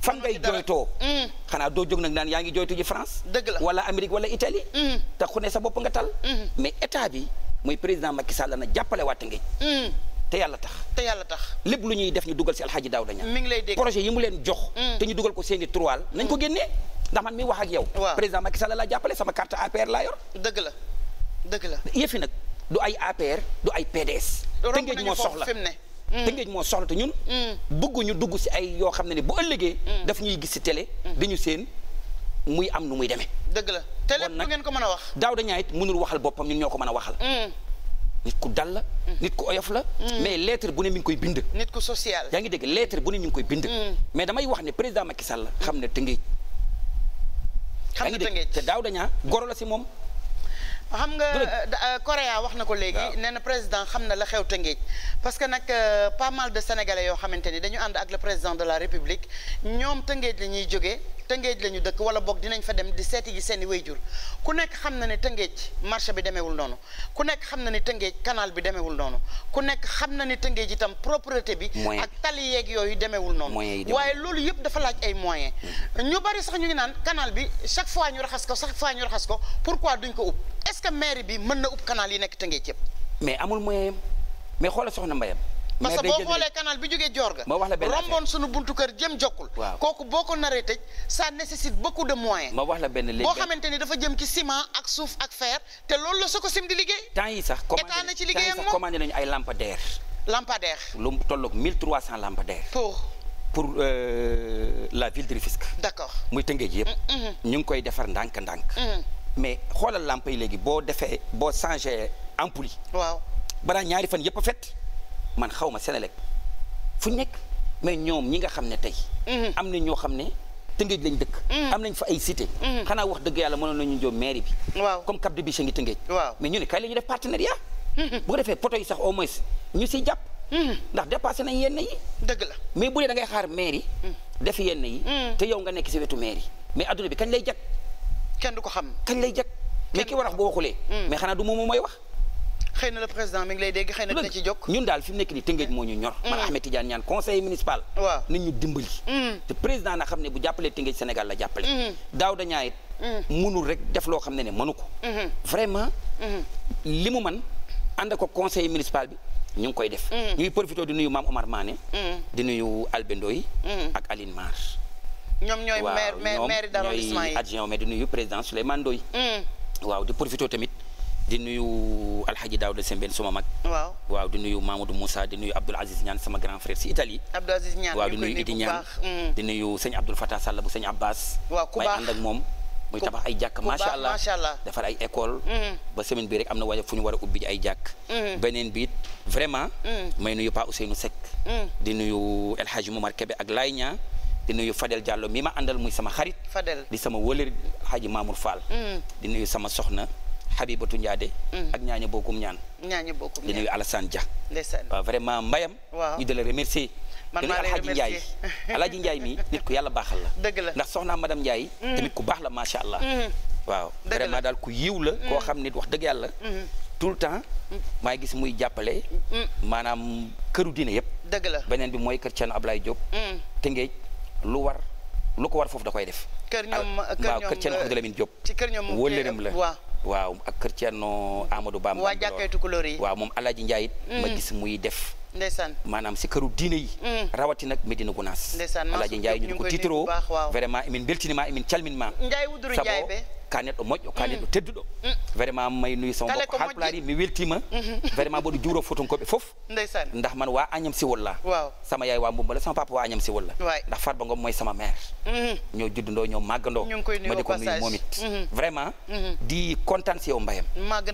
fan ngay jooytoo. Mm. xanaa doo jóg nag naan yaa ngi jooytu ji France. dëgg la wala Amérique wala mm-hmm. te sa bopp nga tal. Mm-hmm. mais état bi mooy président Macky Sall na jàppale waa Tëngéej. Mm. te yàlla tax te yàlla tax lépp lu ñuy def ñu dugal ci alxaaji Daouda Niang mi ngi projet yi mu leen jox mm. te ñu dugal ko seeni trois nañ ko génnee ndax man mi wax ak yow. président Macky Sall laa jàppale sama carte APR laa yor. dëgg la dëgg la. yëfi nag du ay APR du ay PDS. tëngeej moo soxla mm. tëngeej moo soxla te ñun. Mm. bëgguñu dugg si ay yoo xam ne ni bu ëllëgee. Mm. daf ñuy gis si télé. dañu seen muy am nu muy demee. dëgg la te lépp lu ngeen ko mën a wax. daaw dañaa it mënul waxal boppam ñun ñoo ko mën a wax waxal. nit ku dal la. nit ku oyof la. mais lettre bu ne mi ngi koy bind. nit ku social. yaa ngi dégg lettre bu ne ñu ngi koy bind. mais damay wax ne président Macky Sall xam ne tëngeej xam nga te daaw dañaa goro la si moom xam nga euh, Korea wax na ko léegi nee na président xam na la xew Tëngéej parce que nag euh, pas mal de sénégalais yoo xamante ni dañu ànd ak le président de la république ñoom Tëngéej la ñuy jógee Tëngéej la ñu dëkk wala boog dinañ fa dem di seeti gi seeni jur ku nekk xam na ne Tëngéej marché bi demeewul noonu ku nekk xam na ne Tëngéej kanal bi demeewul noonu ku nekk xam na ne Tëngéej itam propreté bi ak tali yeeg yooyu demeewul noonu waaye loolu yëpp dafa laaj ay moyens mm-hmm. ñu bari sax ñu ngi naan canal bi chaque fois ñu raxas ko chaque fois ñu raxas ko pourquoi duñ ko ub est-ce que maire bi mën na ub kanaal yi nekk Tëngéej yëpp. mais amul moyen mais xoolal soxna mbayam parce que boo xoolee kanaal bi jógee joor ga romboon suñu buntu kër jëm jokkul waaw kooku boo ko naree tëj ça nécessite beaucoup de moyens ma wax la benn léegi boo xamante ni dafa jëm ci ciment ak suuf ak fer te loolu la soo ko sim di liggéey temps yi sax état na ci liggéeyam moom commandé nañu ay lampadaire lampadaire lu tolloog 1300 lampadaire pour pour euh, la ville de Rufisque d'accord muy Tëngéej yëpp mm-hmm. ñu ngi koy defar ndànk-ndànk mm-hmm. mais xoolal làmp yi léegi boo defee boo changé ampoule yi. waaw balaa ñaari fan yëpp fet man xaw a Senelec fu nekk mais ñoom ñi nga xam ne tey. Mhm. am na ñoo xam ne tëngéej lañ dëkk. Mhm. am nañ fa ay cité. Mhm. xanaa wax dëgg yàlla mënoon ñu jóom mairie bi. waaw comme Cap de Biche ngi tëngéej. mais ñu ne kay la def partenariat. bu defee poto yi sax au mois ñu si jàpp. ndax dépassé nañ yenn yi. dëgg la mais bu dee da ngay xaar mairie. def yenn yi. te yow nga nekk si wetu mairie mais adduna bi kañ lay jag. kenn du ko xam kañ lay jag mais ki war a wax bu waxulee hmm. mais xanaa du moom mooy wax xëy na le président mi ngi lay dégg xëy na dina ci jokk ñun daal fi mu nekk nii tëngéej moo ñu ñor hmm. man Ahmed Tidiane ñaan conseil municipal waaw nañ ñu dimbali hmm. te président na xam ne bu jàppalee tëngéej Sénégal la jàppale daaw dañaa it mënul rek def loo xam ne ne mënu ko vraiment li mu man ànd ko conseil municipal bi ñu ngi koy def ñuy profité di nuyu Mame Omar Mané di nuyu Albendo yi ak Aline ñoom ñooy maire maire maire d'arrondissement yi adjoint mais di nuyu président Souleymane Ndoye hmm. waaw di profité tamit di nuyu Alhaji Daouda Sembène suma mag waaw waaw di nuyu Mamadou Moussa di nuyu Abdoul Aziz Niane sama grand frère si Italie Abdoul Aziz Niane waaw di nuyu Idi Niane hmm. di nuyu sëñ Abdoul Fattah Sall bu sëñ Abbas waaw ku baax ànd ak moom muy tabax ay jàkk macha allah defar ay école hmm. ba semaine bi rek am na waja fu ñu war a ubbi ay jàkk beneen biit vraiment may nuyu Pa Ousseynou Seck di nuyu El Hadji Momar Kébé ak Laye Niang di nuyu Fadel Diallo mi ma àndal muy sama xarit. Fadel di sama wëlër Haji Mamour Fall. Mm. di nuyu sama soxna. Habibatu Ndiade. Mm. ak ñaañu bokkum ñaan. ñaañu bokkum ñaan di nuyu Alassane Dia. ndeysaan vraiment mbayam. waaw ñu di la remercier. man naa lay remercier Alhaji Ndiaye mi nit ku yàlla baaxal la. dëgg la ndax soxna madame Ndiaye. Mm. tamit ku baax la macha allah. waaw vraiment daal ku yiw la. koo xam nit wax dëgg yàlla. tout le temps maa gis muy jàppale. maanaam këru diine yëpp. dëgg la beneen bi mooy kër Thierno Ablaye Diop. lu war lu ko war foofu da koy def. kër ñoom waaw kër Thierno euh, Abdou Lamine Diop. ci kër ñoom wëllëram la waaw ak kër Thierno Amadou Bamba. waa jàkkeetu couleur yi waaw moom Alaaji Njaay it ma mm. gis muy def. ndeysaan maanaam si këru diine yi mm. rawati nag Medina Gounass Alaaji Njaay ñu ko tiitaroo vraiment imin beltinima imin calminima sabo ka neɗɗo moƴƴo ka neɗɗo mm. tedduɗo mm. vraiment may nuyi sama boppo haalpulaar yi mi weltima mm-hmm. vraiment mboɗo juuro fotonkoɓe foof ndeysan ndax man wa agnam siwol la sama yaay wa mbumbala sama papa wa agnam siwol la ndax farba ngom moy sama mère mm-hmm. ñoo juddundo ñoo maggando madi ko nuyu momit mm-hmm. vraiment di contane si yow mbayam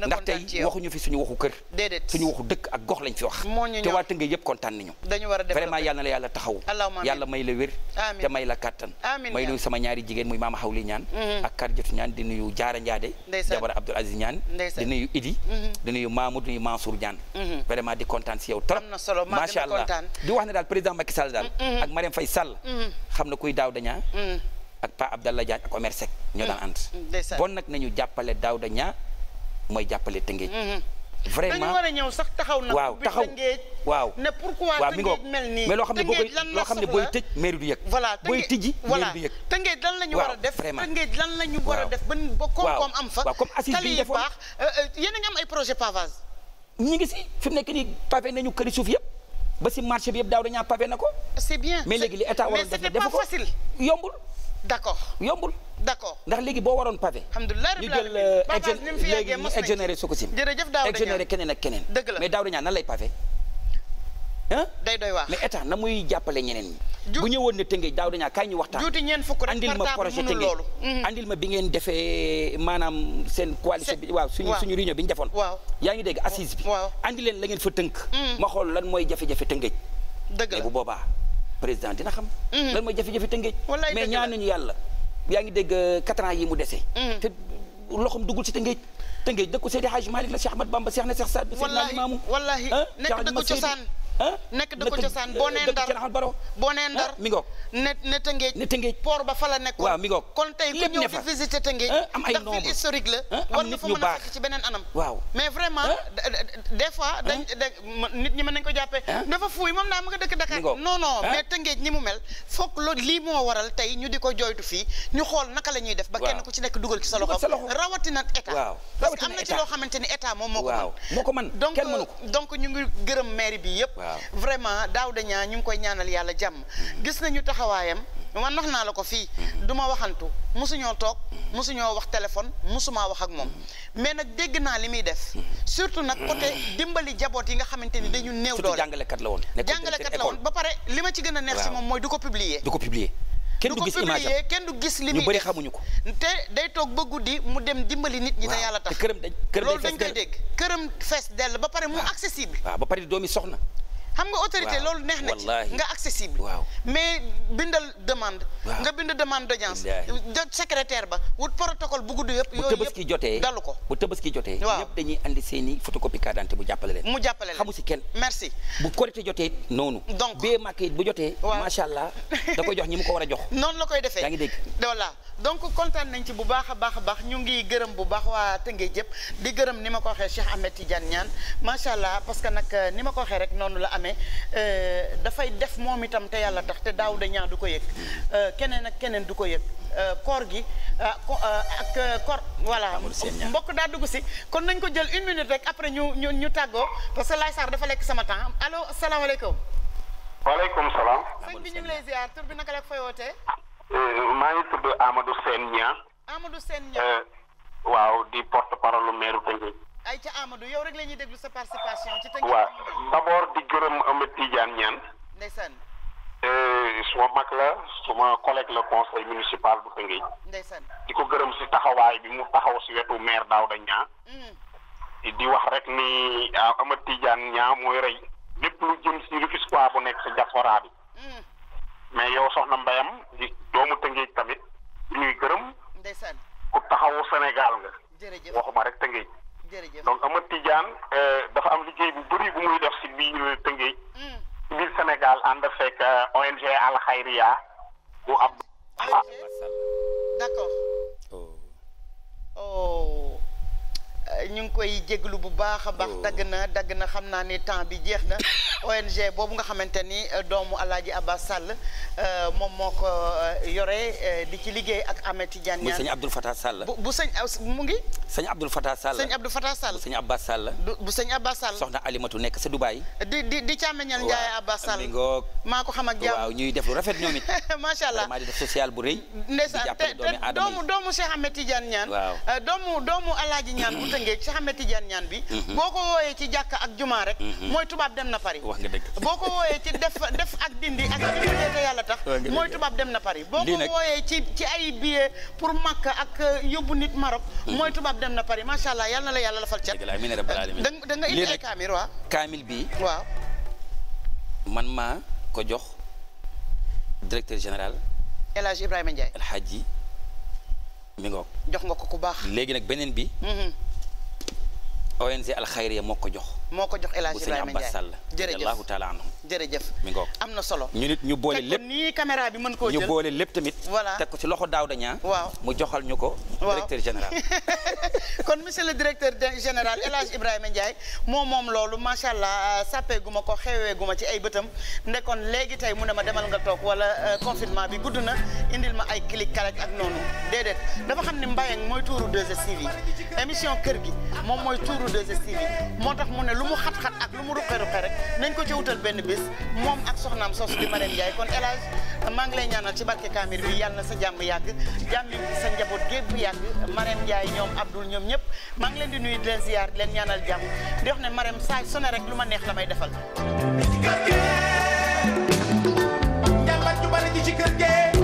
ndax tey waxuñu fi suñu waxu kër suñu waxu dëkk a gox lañ fi wax te waa tënge yëpp kontaan nañu vraiment yàlla na la yàlla taxaw yàlla may la wér te may la nuyu Diarra Ndiadé jabar Abdoul Aziz Niane di nuyu Idi mm-hmm. di nuyu Mamoud di nuyu Mansour Niane mm-hmm. vraiment di kontaan si yow trop macha allah di wax ne daal président Macky Sall daal mm-hmm. ak Marième Faye Sall xam na kuy daaw dañaa ak Pa Abdallah Diagne ak Omer Seck ñoo daan ànd bon nag nañu jàppale daaw dañaa mooy jàppale Tëngéej vraiment war a ñëw sax taxaw na waaw taxaw waaw ne pourquoi waaw mi ngoog mel nii loo xam ne boo koy loo xam ne booy tëj mairie du yëg voilà booy tijji mairie du yëg tëngeej lan la ñu war a def tëngeej lan la ñu war a def ba koom-koom am fa comme assise bi defoon baax euh, euh, yéen a ngi am ay projet pavage ñi ngi si fi mu nekk nii pavé ñu këri suuf yëpp ba si marché bi yëpp daaw dañaa pavé na ko c'est bien mais léegi li état war a def mais c'était pas facile yombul d'accord yombul d'accord ndax léegi boo waroon pavé ñu jël euh, léegi ñu exonéré Sococim exonéré keneen ak keneen mais daaw dañaa nan lay pavé ah day doy wax mais état na muy jàppale ñeneen ñi bu ñëwoon ne Tëngéej daaw dañaa kaay ñu waxtaan andil ma projet Tëngéej mhm. andil ma bi ngeen defee maanaam seen coalition bi waaw suñu suñu réunion bi ñu defoon yaa ngi dégg assise bi andi leen la ngeen fa tënk mhm. ma xool lan mooy jafe-jafe Tëngéej dëgg la bu boobaa président dina xam mhm. lan mooy jafe-jafe Tëngéej mais ñu yàlla yaa ngi dégg euh, quatre ans yi mu dese. Mm. te loxoom duggul ci Tëngéej. Tëngéej dëkku Seydi Hadji Malick la Cheikh Ahmad Bamba Cheikh na Cheikh Saad. Seydina Limaamu wallaahi wallaahi nekk dëkku cosaan nekk dëkku cosaan boo nee ndar boo nee ndar mi ngoog ne ne tëngéej ne tëngéej port ba fa la nekkoon waaw mi ngoog kon tey ku ñëw fi visité tëngéej am ay nombre ndax fil historique la war nga fa mën a fekk ci beneen anam waaw mais vraiment des fois dañ nit ñi mën nañ ko jàppee dafa fuuy moom naa ma nga dëkk Dakar non non mais tëngéej ñi mu mel foog loolu lii moo waral tey ñu di ko jooytu fii ñu xool naka la ñuy def ba kenn ko ci nekk dugal ci sa loxo rawatina état parce que am na ci loo xamante ni état moom moo ko mën donc donc ñu ngi gërëm maire bi yëpp vraiment daaw dañaa ñu ngi koy ñaanal yàlla jàmm mm-hmm. gis nañu taxawaayam mm-hmm. man nax naa la ko fii mm-hmm. duma waxantu mosuñoo toog mosuñoo wax téléphone mosumaa wax ak moom mais nag dégg naa li muy def surtout nag côté dimbali jaboot yi nga xamante ni dañu néew doole jàngalekat la woon jàngalekat la woon ba pare li ma ci gën a neex si moom mooy du ko publier du ko publier kenn du gis image kenn du gis li muy ñu bëri xamuñu ko te day toog ba guddi mu dem dimbali nit ñi te yàlla tax këram dañ këram dañ koy dégg këram fees dell ba pare mu accessible waaw ba pare doomi soxna xam nga autorité loolu neex na ci nga accessible. waaw mais bindal demande. nga bind demande d'audience. jot secrétaire ba wut protocole bu gudd yëpp. yooyu yëpp dalu ko bu tabaski jotee. waaw dañuy indi seen i photocopie carte d'identité mu jàppale leen. mu jàppale leen xamu si kenn. merci bu korité jotee noonu. donc bee màkk it bu jotee. waaw macha allah da koy jox ñi mu ko war a jox. noonu la koy defee yaa ngi dégg. voilà donc kontaan nañ ci bu baax a baax a baax ñu ngi gërëm bu baax waa Tëngéej yëpp di gërëm ni ma ko waxee Cheikh Ahmed Tidiane Niane macha allah parce que nag ni ma ko waxee rek noonu la amee ne euh, dafay def moom itam te yàlla tax te daaw de ñaa du ko yëg euh, keneen ak keneen du ko yëg euh, koor gi ah, ak koor voilà mbokk daa dugg si kon nañ ko jël une minute rek après ñu ñu ñu tàggoo parce que Laye Sarr dafa lekk sama temps allo asalaamaaleykum waaleykum salaam sëñ bi ñu ngi lay ziar tur bi naka la fay wootee ah, maa ngi tudd Amadou Sène Niang Amadou Sène Niang waaw di porte parole maire Tëngéej ay ca Amadou yow rek la ñuy déglu sa participation. ci tënk waaw d'abord di gërëm Ahmed Tidiane Niane. ndeysaan. Euh, suma mag la suma collègue la conseil municipal bu Tëngéej. ndeysaan di ko gërëm si taxawaay bi mu taxaw si wetu maire Daouda Niang. Mm. di wax rek ni ah, ama Tidiane Niang mooy rey. lépp lu jëm si Rufisque bu nekk si diaspora bi. Mm. mais yow soxna mbayam di doomu Tëngéej tamit. ñuy gërëm. ndeysaan ku taxawu Sénégal nga. waxuma rek Tëngéej. donc Amad Tidiane euh, dafa am liggéey bu bëri bu muy def si biir Tëngéej si hmm. biir Sénégal ànd fekk euh, ONG Al Khayria bu ab d'accord oh. Oh. Euh, ñu ngi koy jéglu bu baax a baax oh. dagg na dagg na xam naa ni temps bi jeex na ONG boobu nga xamante ni euh, doomu Alaaji Abba Sall euh, moom moo ko yore di ci liggéey ak Ahmed Tidiane Niane sëñ Abdoul Fatah Sall bu sëñ mu ngi sëñ Abdoul Fatah Sall sëñ Abdoul Fatah Sall bu sëñ Abba bu sëñ Abba Sall soxna Alimatu nekk sa Dubaay di di di càmmeñal Ndiaye Abba xam ak jàmm ñuy def lu rafet ñoom it macha allah di def bu rëy ndeysaan doomu doomu Cheikh Ahmed Tëngéej Cheikh Ahmed Tidiane ñaan bi mhm. boo ko wooyee ci jàkk ak jumaa rek mhm. mooy tubaab dem na Paris wax nga dëgg boo ko wooyee ci def def ak dindi ak tax mooy tubaab dem na Paris boo ko wooyee ci ci ay billet pour Makka ak euh, yóbbu nit Maroc mhm. mooy tubaab dem na Paris macha allah yal na la yàlla lafal cet da nga indi ay kaamil waaw kaamil bi waaw man maa ko jox directeur général El Hadj Ibrahima Ndiaye El mi ngoog jox nga ko ku baax léegi nag beneen bi ONG Al Khayriya moo ko jox moo ko jox El Hadj Ibrahima Ndiaye jërëjëf jërëjëf mi ngoog am na solo ñu nit ñu boole lépp nii caméra bi mën koo ñu boole lépp tamit voilà teg ko ci loxo daaw dañaa waaw mu joxal ñu ko directeur général kon monsieur le directeur général El Ibrahima Ndiaye moom moom loolu macha allah euh, sàppee ko xeweeguma ci ay bëtam ndekoon léegi tey mu ne ma demal nga toog wala euh, confinement bi gudd na indil ma ay clic kalaj ak noonu déedéet dafa xam ne Mbayang mooy tuuru 2STV émission kër gi moom mooy tuuru 2STV moo tax mu lu mu xat-xat ak lu mu ruqe-ruqe rek nañ ko ci wutal benn bés moom ak soxnaam sos di Marème Ndiaye kon El Hadj maa ngi lay ñaanal ci barke Kaamir bi yàlla sa jàmm yàgg jàmm sa njaboot gépp yàgg Marème Ndiaye ñoom Abdoul ñoom ñëpp maa ngi leen di nuy di leen ziar di leen ñaanal jàmm di wax ne Marème saa sone rek lu ma neex la may defal. ci kër gi.